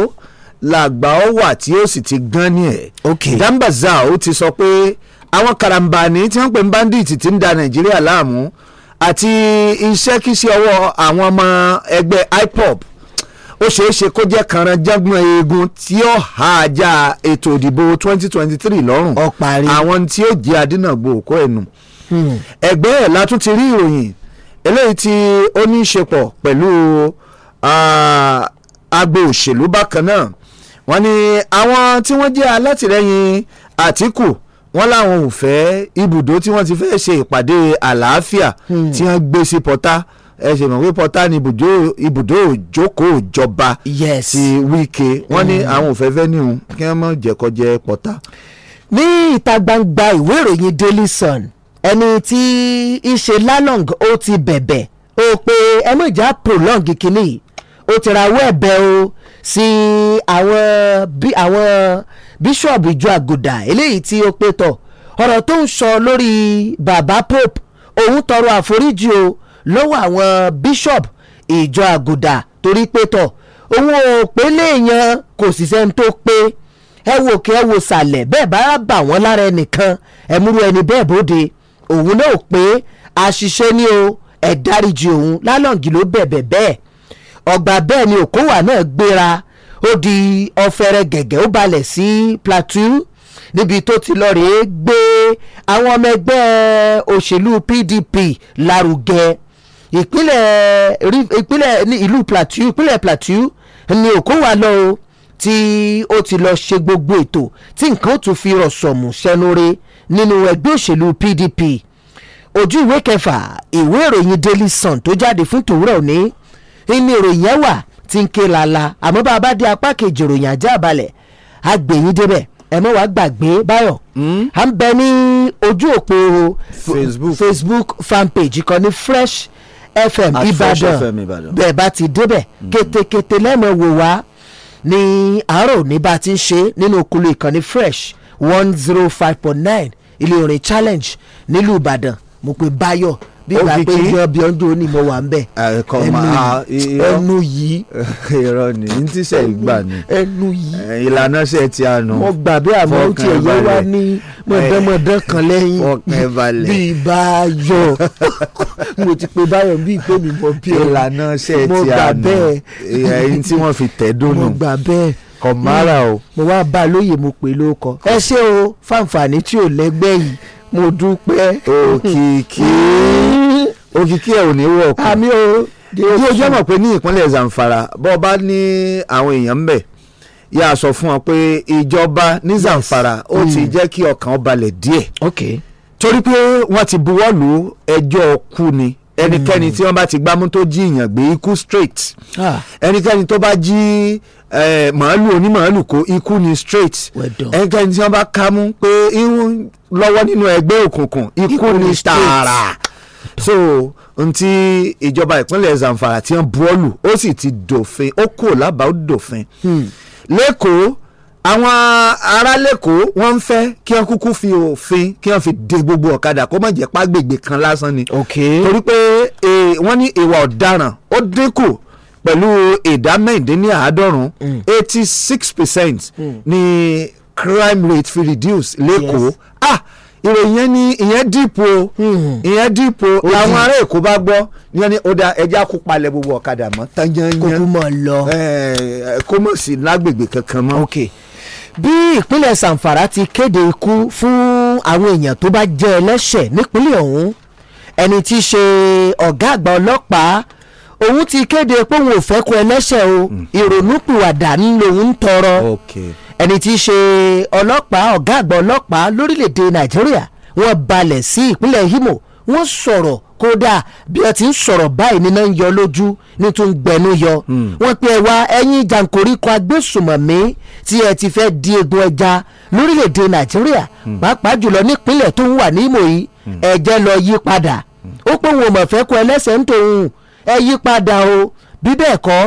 làgbà ọ wà tí ó sì ti gán ní ẹ̀ Dan ti sọ pé àwọn karambani tí wọ́n pè ń bandit ti ń da nàìjíríà láàmú àti iṣẹ́kíṣẹ́ ọwọ́ àwọn ọmọ ẹgbẹ́ IPOB ó ṣeé ṣe kó jẹ́ kanran jágbọ́n eegun tí ó ha ajá ètò ìdìbò 2023 lọ́rùn àwọn tí ó jẹ́ adínàgbò òkú ẹ̀nu. Hmm. ẹgbẹ́ ẹ̀ la tún ti rí ìròyìn eléyìí tí ó ní í ṣe pọ̀ pẹ̀lú agbo òṣèlú bákan náà wọ́n ní àwọn tí wọ́n jẹ́ alátìlẹ́yìn Àtíkù wọ́n láwọn ò fẹ́ ibùdó tí wọ́n ti fẹ́ ṣe ìpàdé àlàáfíà hmm. tí wọ́n gbé sí pọ́tà ẹ ṣe mọ̀ pé pọ́tà ni ibùdó òjókòó ìjọba ti Wike wọ́n ní hmm. àwọn ò fẹ́ venue kí wọ́n mọ̀ jẹ́kọ́jẹ́ pọ́tà. ní ìta gbangba ìwé ìròyìn Daily Sun ẹni tí í ṣe Lalong ó ti bẹ̀bẹ̀ ó pé ẹ ìjà prolong kínní ó ti rawọ́ ẹ̀bẹ̀ o sí àwọn bí àwọn. Si, bíṣọ̀bù ìjọ àgùdà eléyìí tí ó pé tọ̀ ọ̀rọ̀ tó ń sọ lórí bàbá pope òun tọrọ àforíjì o lọ́wọ́ àwọn bíṣọ̀bù ìjọ àgùdà torí pé tọ̀ òun ò pé léèyàn kò sì sẹ́ni tó pé ẹ wò kí ẹ wò sàlẹ̀ bẹ́ẹ̀ bá bà wọ́n lára ẹnìkan ẹ múrú ẹni bẹ́ẹ̀ bóde òun náà pé àṣìṣe ni o ẹ dáríjì òun lálọ́ǹgì ló bẹ̀bẹ̀ bẹ́ẹ̀ ọgbà bẹ́ẹ̀ ni òkúwà náà gbéra ó di ọ̀fẹ́rẹ́ gẹ̀gẹ́ ó balẹ̀ sí Plateau níbi tó ti lọ rèé gbé àwọn ọmọ ẹgbẹ́ òṣèlú PDP lárugẹ ìpínlẹ̀ ìpínlẹ̀ ní ìlú Plateau ìpínlẹ̀ Plateau ni òkú wa lọ o tí ó ti lọ ṣe gbogbo ètò tí nǹkan ó tún fi rọ̀sọ̀mù sẹ́nu re nínú ẹgbẹ́ òṣèlú PDP ojú ìwé kẹfà ìwé ìròyìn Daily Sun tó jáde fún tòwúrọ̀ òní ní ìròyìn ẹ̀ wà ti ń ké lala àmọ́ bá a bá dé apá kejì ìròyìn ajá balẹ̀ a gbè yín débẹ̀ ẹ mọ́ wàá gbàgbé báyọ̀ hmm? à ń bẹ ní ojú òpó facebook fanpage ìkànnì fresh fm ìbàdàn bẹ́ẹ̀ bá ti débẹ̀ hmm. kétékété lẹ́mọ̀ wò wá ní àárọ̀ òní bá ti ń ṣe nínú okulu ìkànnì fresh one zero five point nine ilé orin challenge nílùú ìbàdàn mo pe Báyọ̀ bí ìgbà pé yọ bí ọdún òní mo wà ń bẹ *laughs* ẹnu yìí *laughs* irọ́ ni n ti sẹ ìgbà ni ẹnu yìí ìlànà sẹ ti àná mo gbà bí àmọ́ ó tiẹ̀ yẹ wá ní mọ̀dánmọ̀dán kan lẹ́yìn bíi Báyọ̀ *laughs* mo ti pe Báyọ̀ bíi pé mi mọ̀ bí ọ ìlànà sẹ ti àná ẹyin tí wọ́n fi tẹ̀ dónú mo gbà bẹ́ẹ̀ kọ̀ o. mo wá bá mo pè lóko ẹ ṣé o fáǹfààní tí ò lẹ́gbẹ́ yìí mo dúpẹ́. òkìkí *laughs* òkìkí ẹ ò ní wọ̀ kù. àmì o di oṣù. bí o jẹ́ mọ̀ pé ní ìpínlẹ̀ Zamfara bó bá ní àwọn èèyàn ń yà sọ fún wọn pé ìjọba ní Zamfara ó ti mm. jẹ́ kí ọkàn balẹ̀ díẹ̀. okay. torí pé wọ́n ti buwọ́ lu ẹjọ́ kú ni ẹnikẹ́ni hmm. tí wọ́n bá ti gbámú tó jí ìyàn gbé ikú straight ah. ẹnikẹ́ni tó bá jí màálù onímàálù kó ikú ni straight ẹnikẹ́ni tí wọ́n bá kámú pé irun lọ́wọ́ nínú ẹgbẹ́ òkùnkùn ikú ni tààrà so ntí ìjọba ìpínlẹ̀ Zamfara ti ń buọ́lù ó sì ti dòfin ó kò lábàá ó dòfin hmm. lẹ́kọ̀ọ́ àwọn arálẹ́kọ̀ọ́ wọ́n ń fẹ́ kí wọ́n kúkú fi òfin kí wọ́n fi de gbogbo ọ̀kadà kó má jẹ́ pàgbègbè kan lásán ni. ok torí pé e, wọ́n ní ìwà ọ̀daràn ó dínkù pẹ̀lú ìdá mẹ́rìndínláàádọ́rùn mm. eighty six percent mm. ni crime rate fi reduce lẹ́kọ̀ọ́. ah ìròyìn yẹn ni ìyẹn dìpò hmm. ìyẹn dìpò làwọn ará èkó bá gbọ́ yẹn ni ó da ẹja kó palẹ̀ gbogbo ọ̀kadà mọ́ tán yẹn yẹn eh, kó mọ̀ lọ kó mọ̀ sí lágbègbè kankan mọ́. okay bí ìpínlẹ̀ Zamfara ti kéde ikú fún àwọn èèyàn tó bá jẹ́ ẹlẹ́ṣẹ̀ nípínlẹ̀ ọ̀hún ẹni tí í ṣe ọ̀gá àgbà ọlọ́pàá òun ti kéde pé òun ò fẹ́ kú ẹlẹ́ṣẹ̀ o hmm. ìrònúpìwàdà ń lo ń tọrọ ẹni tí í ṣe ọlọ́pàá ọ̀gá àgbà ọlọ́pàá lórílẹ̀‐èdè Nàìjíríà wọ́n balẹ̀ sí ìpínlẹ̀ Imo wọ́n sọ̀rọ̀ kódà bí ẹ ti ń sọ̀rọ̀ báyìí níná ń yọ lójú ní tó ń gbẹnu yọ. Hmm. wọ́n pe ẹ wá ẹ̀yin jàǹkóríkọ agbésùmọ̀mí tí ẹ ti fẹ́ di egun ẹja lórílẹ̀‐èdè nàìjíríà hmm. pàápàá jùlọ nípínlẹ̀ tó ń wà ní ìmọ̀ yìí hmm. ẹ̀jẹ̀ lọ yí padà ó pé wọn ò mọ̀ fẹ́ kó ẹlẹ́sẹ̀ ń tòun ẹ yí padà o bí bẹ́ẹ̀ kọ́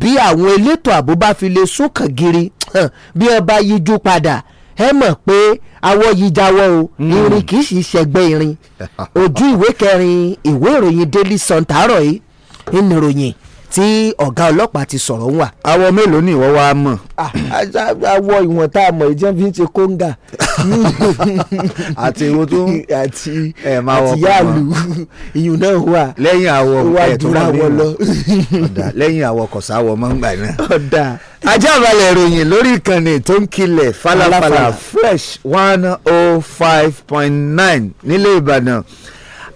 bí àwọn elétò àbò bá fi lè sún kàn gírí *tsk* bí ẹ bá yíjú padà ẹ mọ̀ pé awọ yìí jáwọ́ o hmm. irin kì í sì ṣẹgbẹ́ irin *laughs* ojú ìwé kẹrin ìwé ìròyìn Daily Sun tààrọ̀ yìí ń nìròyìn tí ọ̀gá ọlọ́pàá ti sọ̀rọ̀ wà. awọ mélòó ni ìwọ wa mọ̀. awọ ìwọ̀n tá a mọ̀ ìjẹun fi ń ṣe kóńgà. *laughs* àti ewo tó *laughs* àti yàlù iyùn náà wà. lẹ́yìn awọ ẹ̀ẹ́dúrà wọ lọ. *laughs* lẹ́yìn awọ kọ̀sáwọ mọ́ ń gbà náà. ajá balẹ̀ ìròyìn lórí ìkànnì tó ń kilẹ̀ falafala fresh one oh five point nine nílé Ìbàdàn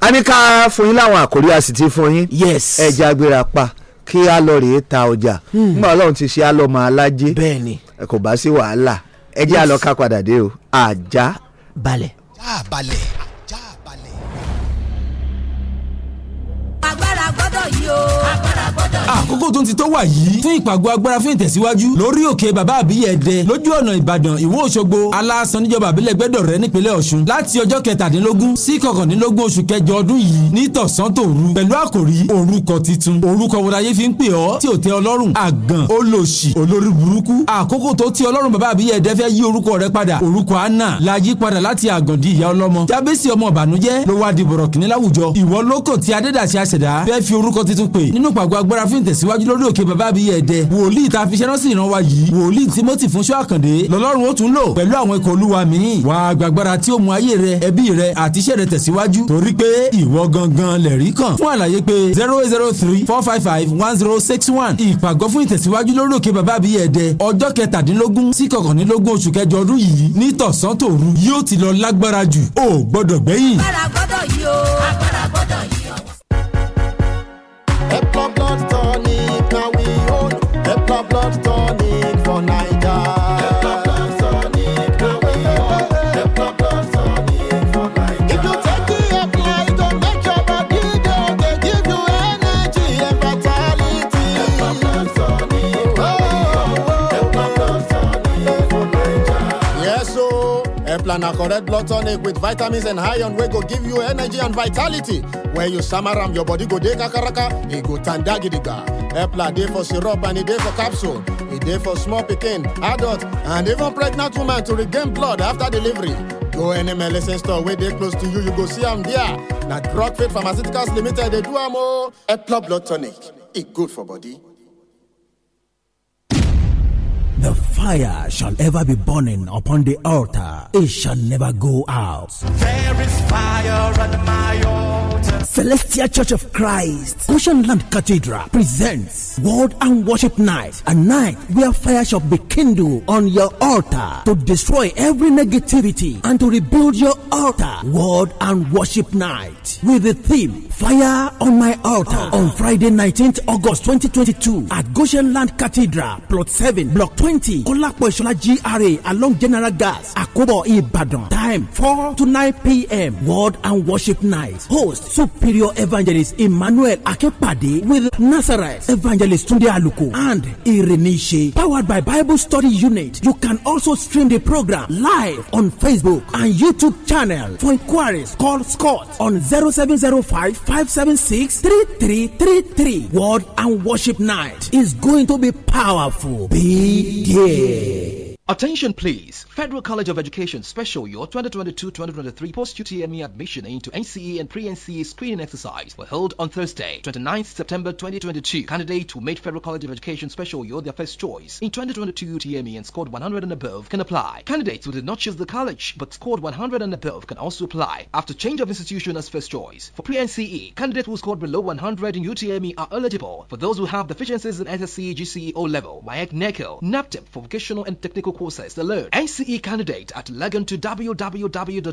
a ní ká fún yín láwọn àkórí a sì ti fún yín. yes ẹja gbéra pa kí a lọ rèé ta ọjà hmm. nígbà ọlọ́run ti ṣe a lọ máa lájé bẹ́ẹ̀ni kò bá sí wàhálà ẹ jẹ́ a ká padà dé o àjà balẹ̀. àjà balẹ̀. agbára gbọ́dọ̀ yí o agbára gbọ́dọ̀ àkókò tó ti tó wà yìí fún ìpàgọ́ agbára fún ìtẹ̀síwájú lórí òkè bàbá àbíyẹ ẹ̀dẹ lójú ọ̀nà ìbàdàn ìwó òṣogbo alásan níjọba àbílẹ̀ gbẹ́dọ̀ rẹ nípínlẹ̀ ọ̀ṣun láti ọjọ́ kẹtàdínlógún sí kọkàndínlógún oṣù kẹjọ ọdún yìí ní tọ̀sán tòru pẹ̀lú àkòrí orúkọ titun orúkọ wọláyé fi ń pè ọ́ tí ò tẹ́ ọlọ́run àgàn olòṣì olórí burúkú àkókò tó ti ọlọ́run bàbá àbíyẹ ẹ̀dẹ fẹ́ yí orúkọ rẹ padà orúkọ anna la yí padà láti àgàndí ìyá ọlọ́mọ jábẹ́sì ọmọ ìbànújẹ́ ló wá di bọ̀rọ̀kìnní láwùjọ ìwọ lókò tí adédàsí àṣẹ̀dá fẹ́ fi orúkọ titun pè nínú pàgọ́ agbára fi ń tẹ̀síwájú lórí òkè bàbá àbí ẹ̀dẹ wòlíì tá a fi ṣẹ́rán sí ìran yìí wòlíì Timothy Fúnṣọ́ Àkàndé lọ́lọ́run ó tún lò pẹ̀lú àwọn ikọ̀ olúwa míì wà á gbàgbára tí ó mú ayé rẹ ẹbí rẹ àti iṣẹ́ rẹ tẹ̀síwájú torí pé ìwọ gangan lẹ̀rí kàn fún àlàyé pé zero eight zero three four five five one zero six one ìpàgọ́ fún ìtẹ̀síwájú lórí òkè bàbá àbí ẹ̀dẹ ọjọ́ kẹtàdínlógún sí kọkànlélógún plan na correct blood tonic with vitamins and iron wey go give you energy and vitality when you summer, am your body go dey kakaraka e go tanda gidigba epla dey for syrup and e dey for capsule e dey for small pikin adult and even pregnant woman to regain blood after delivery go any medicine store wey dey close to you you go see am there na drug pharmaceuticals limited dey do am o epla blood tonic e good for body. fire shall ever be burning upon the altar, it shall never go out. There is fire at my altar. Celestial Church of Christ, Oceanland Cathedral presents World and Worship Night, a night where fire shall be kindled on your altar to destroy every negativity and to rebuild your altar. World and Worship Night with the theme Fire on My Altar on Friday, 19th August 2022 at Goshenland Cathedral, Plot 7, Block 20. kọ́lápọ̀ ìṣọ́lá GRA along general gas àkóbọ̀ ìbàdàn time four to nine pm word and worship night host superior evangelist emmanuel akepade with nazareth evangelist tunde aluko and irenishe powered by bible study unit you can also stream the program live on facebook and youtube channel for inquiries call scott on zero seven zero five five seven six three three three three word and worship night is going to be powerful be there. Yeah. Attention please, Federal College of Education Special Year 2022-2023 Post-UTME Admission into NCE and Pre-NCE Screening Exercise will hold on Thursday, 29th September 2022. Candidates who made Federal College of Education Special Year their first choice in 2022 UTME and scored 100 and above can apply. Candidates who did not choose the college but scored 100 and above can also apply after change of institution as first choice. For Pre-NCE, candidates who scored below 100 in UTME are eligible. For those who have deficiencies in SSC, GCE, O-Level, WAEC, NECO, NAPTEP for vocational and technical courses. NCE candidate at Legon to your.edu.ng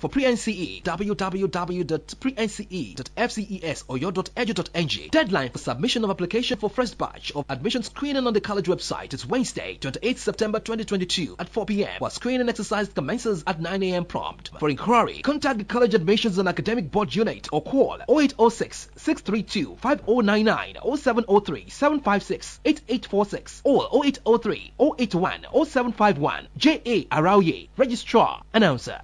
for pre-NCE wwwpre your.edu.ng. Deadline for submission of application for first batch of admission screening on the college website is Wednesday, 28 September 2022 at 4 p.m. while screening exercise commences at 9 a.m. prompt. For inquiry, contact the College Admissions and Academic Board Unit or call 0806 632 5099 0703 756 8846 086 or 0803 081 0751 J.A. Arauye, Registrar, Announcer.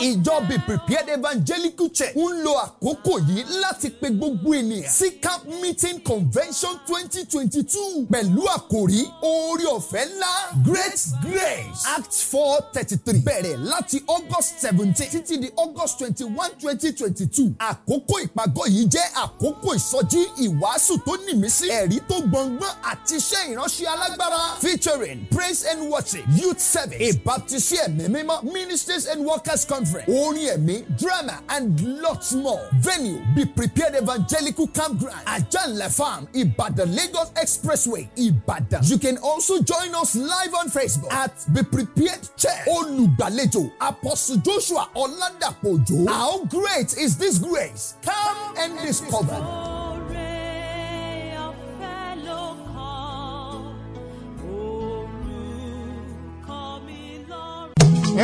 ìjọ be prepared evangelical church ń lo àkókò yìí láti pe gbogbo ènìyàn sí camp meeting convention twenty twenty two pẹ̀lú àkòrí oore ọ̀fẹ́ ńlá great grace act four thirty three bẹ̀rẹ̀ láti august seventeen títí di august twenty one twenty twenty two àkókò ìpàgọ́ yìí jẹ́ àkókò ìsọjí ìwàásù tó nìmísí ẹ̀rí tó gbọ̀ngbọ́n àti iṣẹ́ ìránṣẹ́ alágbára featuring praise and worship youth service a baptist ẹ̀mí mímọ́ ministers and workers conference. reverend, orin drama and lots more. Venue be prepared evangelical campground at Janla Farm, Ibadan, Lagos Expressway, Ibadan. You can also join us live on Facebook at Be Prepared Church. Olùgbàlejò Apostle Joshua Ọ̀làdàpọ̀jọ́. How great is this grace? Come and discover.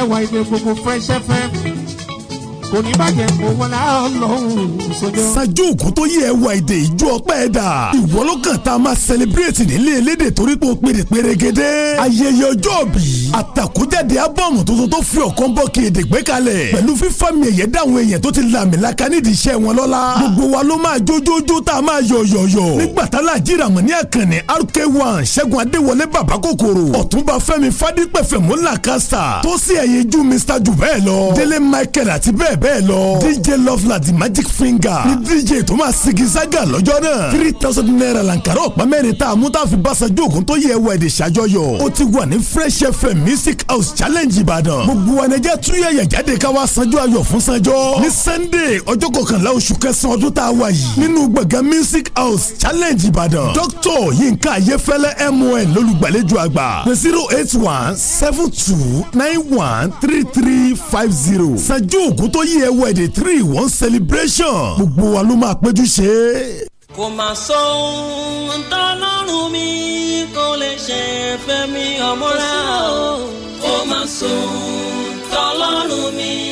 ẹwà ìgbẹ́ gbogbo fresh fm kò ní bàjẹ́ owó náà lọ́hùn-ún sójó. ṣáájú òkú tó yẹ ẹwà èdè ìjó ọpẹ́ ẹ̀dà ìwọ ló kàn tá a máa sẹlẹbírẹ̀tì nílé elédè torí pé o pèrè pèrègede. ayẹyẹ ọjọ́ bí àtàkùjáde ábọ̀mù tuntun tó fi ọ̀kan bọ́ kí èdè gbé kalẹ̀ pẹ̀lú fífà mi ẹ̀yẹ dáhùn èèyàn tó ti làmì laka nídìí iṣẹ́ wọn lọ́la. gbogbo wa ló máa jójójó tá a máa yọ̀yọ̀yọ̀. nígbà tá a lájí ràmọ̀ ní àkànní RK1 ṣẹ́gun adéwọlé bàbá kòkòrò ọ̀túnba fẹ́mi fadípẹ̀fẹ̀ mọ́lá kásá tó sì ẹ̀yẹ ju mr jù bẹ́ẹ̀ lọ délé michael àti bẹ́ẹ̀ bẹ́ẹ̀ lọ DJ Love àti Magic Finger ni DJ tó máa sigi sága lọ́jọ́ náà three thousand naira lankara ọ̀pá mẹ́rin tá a mú tá a fi Basajo Ògúntóyè ẹwà èdè ṣàjọyọ̀ ó ti wà ní Fresh FM Music House Challenge Ìbàdàn gbogbo wa nẹjẹ túyẹyẹ jáde ká wá sanjó ayọ̀ fún sanjó ní Sunday ọjọ́ kọkànlá oṣù kẹsàn-án ọdún tá a wà yìí nínú gbọ̀ngàn Music House Challenge Ìbàdàn Dr Yinka Ayefẹ́lẹ́ MON lólùgbàlejò àgbà pé zero eight one seven two nine one three three five zero sanjó Ògúntóyè year wedding three one celebration gbogbo wa ló máa péjú ṣe. kò mà sọ ohun tọ́lọ́run mi kò lè ṣe fẹ́mi ọmọ rẹ̀ o kò mà sọ ohun tọ́lọ́run mi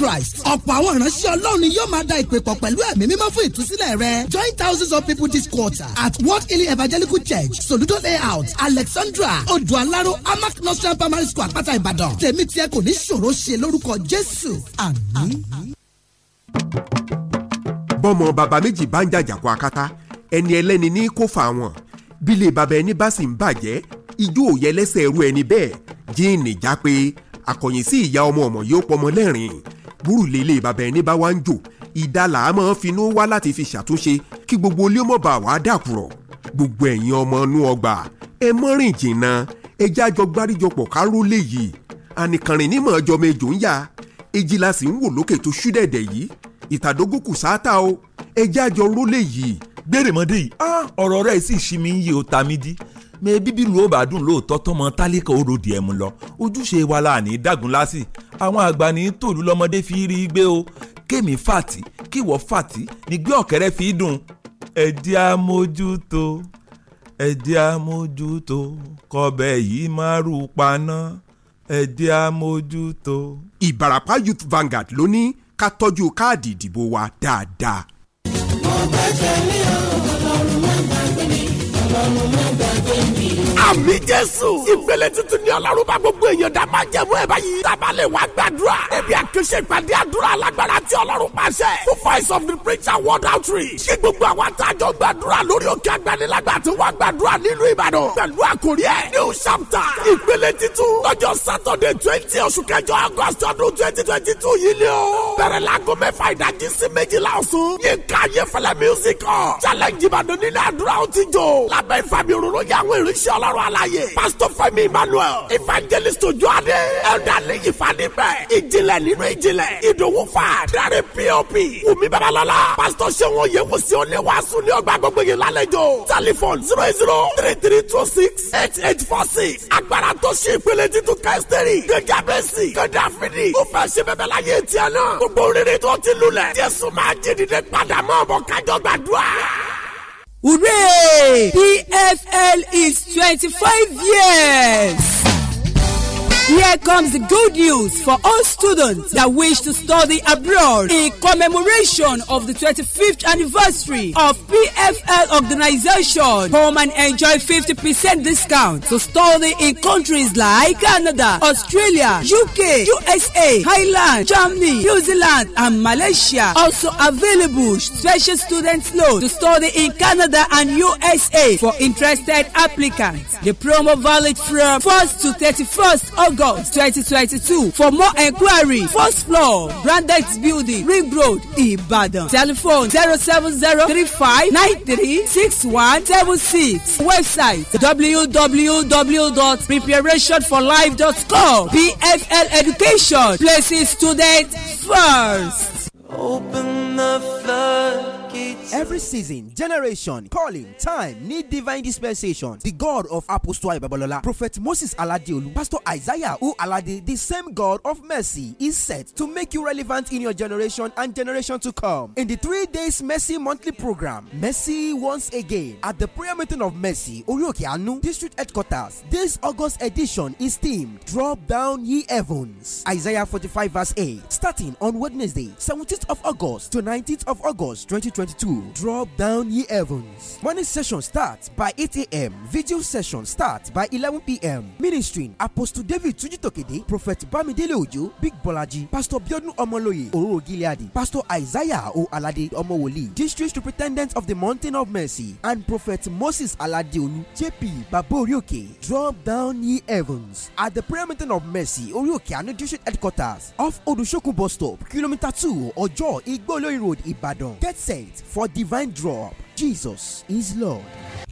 Christ. ọ̀pọ̀ àwọn ìránṣẹ́ ọlọ́run ni yóò máa da ìpè pọ̀ pẹ̀lú ẹ̀mí mímọ́ fún ìtúsílẹ̀ rẹ. join thousands of people this quarter at world healing evangelical church soludo layout alexandra odualaro amak nursery primary school àpáta ìbàdàn tèmi tiẹ̀ kò ní ṣòro ṣe lórúkọ jésù àmín. bọ́mọ bàbá méjì bá ń jàjà akátá ẹni ẹlẹ́ni ní kó fà wọ́n bílé bàbá ẹni bá sì ń bàjẹ́ ijó òye lẹ́sẹ̀ ẹni bẹ́ẹ̀ jíìnì já pé akọ̀yìn sí ìyá ọmọ ọmọ yóò pọmọ lẹ́rìn-ín búrùlé ilé bàbá ẹni bá wá ń jò ìdálà á máa finú wá láti fi ṣàtúnṣe kí gbogbo ilé mọ̀ bá wàá dàkùrọ̀ gbogbo ẹ̀yin ọmọ inú ọgbà ẹ mọ́ rìn jìnnà ẹ já jọ gbáríjọpọ̀ káró léyìí ànìkànrìn nímọ̀ ọjọ́ mẹ́jọ ń yá ejìlá sì ń wò lókè tó ṣú dẹ̀dẹ̀ yìí ìtàdógún kù o ẹ já jọ ró léyìí. gbèrèmọdé yìí ah! ọ̀rọ̀ rẹ̀ sì ṣí mi ń yé o ta mi dí mẹ bíbí lu ó bá dùn lóòótọ́ tọmọ tálíkà ó ròdì ẹ̀mú lọ ojúṣe wa la ní dàgún lásì àwọn àgbà tòlú lọmọdé fi rí gbé o kémi fàtì kíwọ fàtì nígbé ọ̀kẹ́rẹ́ fi dùn ẹ̀dí amójútó ẹ̀dí amójútó kọbẹ̀ yìí máa rú paná ẹ̀dí amójútó. Ìbàràpá Youth Vanguard ló ní ká tọ́jú káàdì ìdìbò wa dáadáa. mo bá jẹ́ ọ̀rọ̀ ọlọ́run má gbàgbé mi ọlọ́run má gbàgbé àmì jésù ìpele tuntun ní ọlọ́run bá gbogbo èèyàn dá máa jẹ̀mú ẹ̀ báyìí tábàlẹ̀ wá gbàdúrà ẹ̀bí àkẹ́sẹ̀ ìpàdé àdúrà alágbára tí ọlọ́run pàṣẹ fún voice of the preacher world outreach ṣé gbogbo àwọn àtàjọ gbàdúrà lórí òkè àgbàlélágbà tí wọ́n gbàdúrà nínú ìbàdàn pẹ̀lú àkórí ẹ̀ new chapter ìpele titun lọ́jọ́ saturday twenty oṣù kẹjọ august ọdún twenty twenty two yìí ni o bẹ̀rẹ̀ láago mẹ́fà ìdájí sí méjìlá ọ̀sán yínká ayéfẹ́lẹ́ music hall challenge ìbàdàn nílẹ̀ àdúrà ó ti jò lábẹ́ ìfàmì òróró yàwó ìrìnsẹ̀ ọlọ́ ìmọ̀ràn àlàyé pásítọ̀ fẹ́mi emmanuel evangelist ojú adé ẹ̀dálẹ́ ìfanibẹ̀ ìjìnlẹ̀ nínú ìjìnlẹ̀ ìdòwò fà dárí pop wùmí babalọ́lá pásítọ̀ sẹ́wọ̀n yẹ̀wò sí ọ̀lẹ́ wàásù ní ọgbà gbogbo yìí lálẹ́jọ́ tẹlifọ̀n zero zero three three two six eight eight four six agbára tó ṣe ìpele títún kẹ́sítẹ́rì gẹ́gẹ́ abẹ́sì gẹ́gẹ́ àfẹ́dì ó fẹ́ ṣe bẹ́bẹ́ láyé ti hooray pfl is twenty five years. Here comes the good news for all students that wish to study abroad in commemoration of the 25th anniversary of PFL organization. Come and enjoy 50% discount to study in countries like Canada, Australia, UK, USA, Thailand, Germany, New Zealand, and Malaysia. Also available special student loan to study in Canada and USA for interested applicants. The promo valid from 1st to 31st of Lagos twenty twenty two for more enquiry first floor Brandex building Ring Road Ibadan telephone zero seven zero three five nine three six one seven six website www.preparationforlife.com PFL Education places students first. Open the flood. Every season, generation, calling, time, need divine dispensation. The God of Apostle Babalola, Prophet Moses Aladeolu, Pastor Isaiah U Alade, the same God of mercy is set to make you relevant in your generation and generation to come. In the three days Mercy monthly program, Mercy once again at the prayer meeting of Mercy, Orioke Anu, District Headquarters. This August edition is themed Drop Down Ye Heavens, Isaiah 45 verse 8, starting on Wednesday, 17th of August to 19th of August 2020. 2022. Drop down ye heavens. Morning session starts by 8 a.m. Vigil session starts by 11 p.m. Ministry Apostle David Tujitokede, Prophet Bamidele Ojo, Big Bolaji, Pastor Biodun Omoloye, Ororo Gileadi, Pastor Isaiah O Alade Omowoli, District Superintendent of the Mountain of Mercy, and Prophet Moses Aladeolu, JP Baborioke. Drop down ye heavens at the Prayer Mountain of Mercy, Orioke Anu District Headquarters, off Odushokun Bus Stop, Kilometer Two Ojo, Igbolo Road, Ibadan. Get set. for divine drop. Jesus is Lord.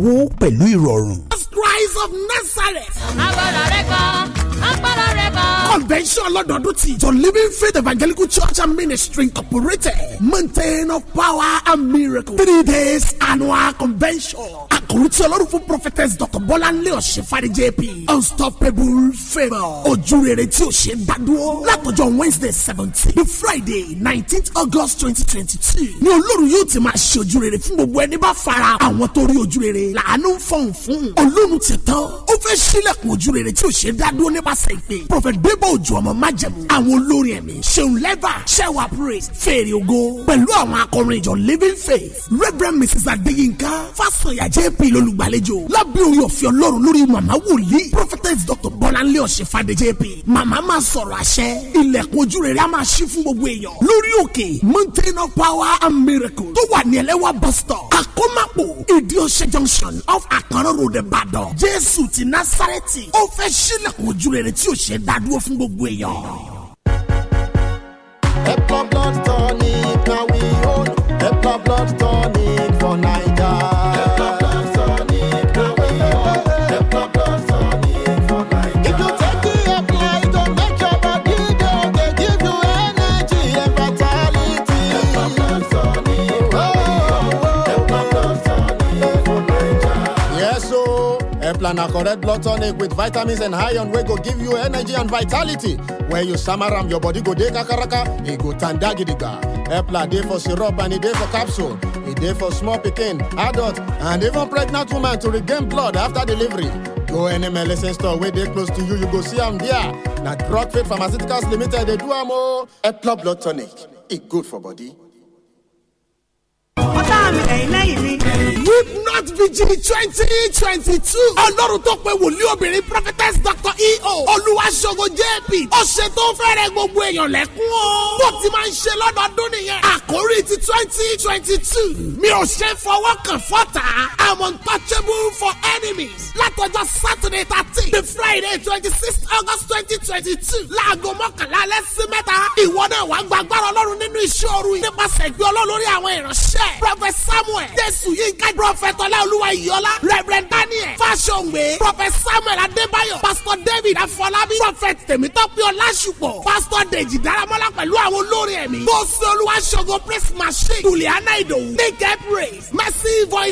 ìnáwó pẹ̀lú ìrọ̀rùn. Christ of Nazareth. agbára rẹ̀ kan agbára rẹ̀ bá. convention ọlọ́dọọdún ti ìjọ living faith evangelical church and ministry incorporated maintain of power and miracle three days annual convention àkòrútì ọlọ́run fún prophetess dr bọ́láńlé ọ̀ṣẹ́fàdé jp unstoppable favour ojúrere tí o ṣe dádúró látọjọ́ wednesday seventeen to friday nineteenth august twenty twenty two ni olórí yóò ti máa ṣe ojúrere fún gbogbo ẹni bá fara àwọn tó rí ojúrere làánú fọ̀hún fún olóòrùn ti tán ó fẹ́ sílẹ̀kùn ojúrere tí o ṣe dádúró nípa nípasẹ̀ ìpè prophet debo ojú ọmọ májẹ̀mú àwọn olórin ẹ̀mí seun leva sewa praise fèrè ògo pẹ̀lú àwọn akọrin ìjọ living faith reverend mrs adeyinka fásanya jp lolùgbàlejò lábẹ́ orí ọ̀fẹ́ ọlọ́run lórí màmá wòlíì prophetess dr bọ́láńlé ọ̀ṣẹ́fàdé jp màmá máa sọ̀rọ̀ àṣẹ ilẹ̀kùn ojú rere á máa ṣí fún gbogbo èèyàn lórí òkè mountain of power and miracle tó wà ní ẹlẹ́wà bus stop àkómàpò ìdíọ̀ṣẹ́ junction of àkànrọ̀ road ìbàdàn jésù ti násàrẹ́tì ó fẹ́ ṣílẹ̀kùn ojú rere rere tí ò ṣe dádúró fún gbogbo èèyàn. Epa blood tonic na we own Epa blood tonic for Naija. and na correct blood tonic with vitamins and iron wey go give you energy and vitality when you summer am your body go dey kakaraka e go tanda gidigba epla dey for syrup and e dey for capsule e dey for small pikin adult and even pregnant woman to regain blood after delivery go any medicine store wey dey close to you you go see am there na drug pharmaceuticals limited dey do am o epla blood tonic e good for body mi ẹ̀yin lẹ́yìn mi. midnight vigil twenty twenty two ọlọ́run tó pe wòlíì obìnrin prophetess dr eo olúwaṣogo jp ọ̀sẹ̀ tó fẹ́rẹ̀ gbogbo èèyàn lẹ́kún o. bó ti máa ń ṣe lọ́dọọdún nìyẹn àkórí ti twenty twenty two mi ò ṣe fọwọ́ kàn fọ́tà i'm untouchable for enemies látọjọ́ saturday thirteen the friday twenty sixth august twenty twenty two láago mọ́kànlá alẹ́ sí mẹ́ta ìwọ náà wàá gba agbára ọlọ́run nínú iṣẹ́ òru yìí nípasẹ̀ ìgbé ọlọ́run lórí àwọn ìránṣẹ́ prophet samuel jésù yínká prọfẹtọ láolúwa ìyọlá rẹbrẹn daniel fàṣọǹgbé prọfẹt samuel adébáyọ̀ Pastor david afọlábí prọfẹt tèmítọ́pẹ́ ọláṣùpọ̀ Pastor Deji, dáramọ́lá pẹ̀lú àwọn olórin ẹ̀mí bóṣe olúwa ṣògo praise machine juliana ìdòwú nígẹ̀ praise mercy voice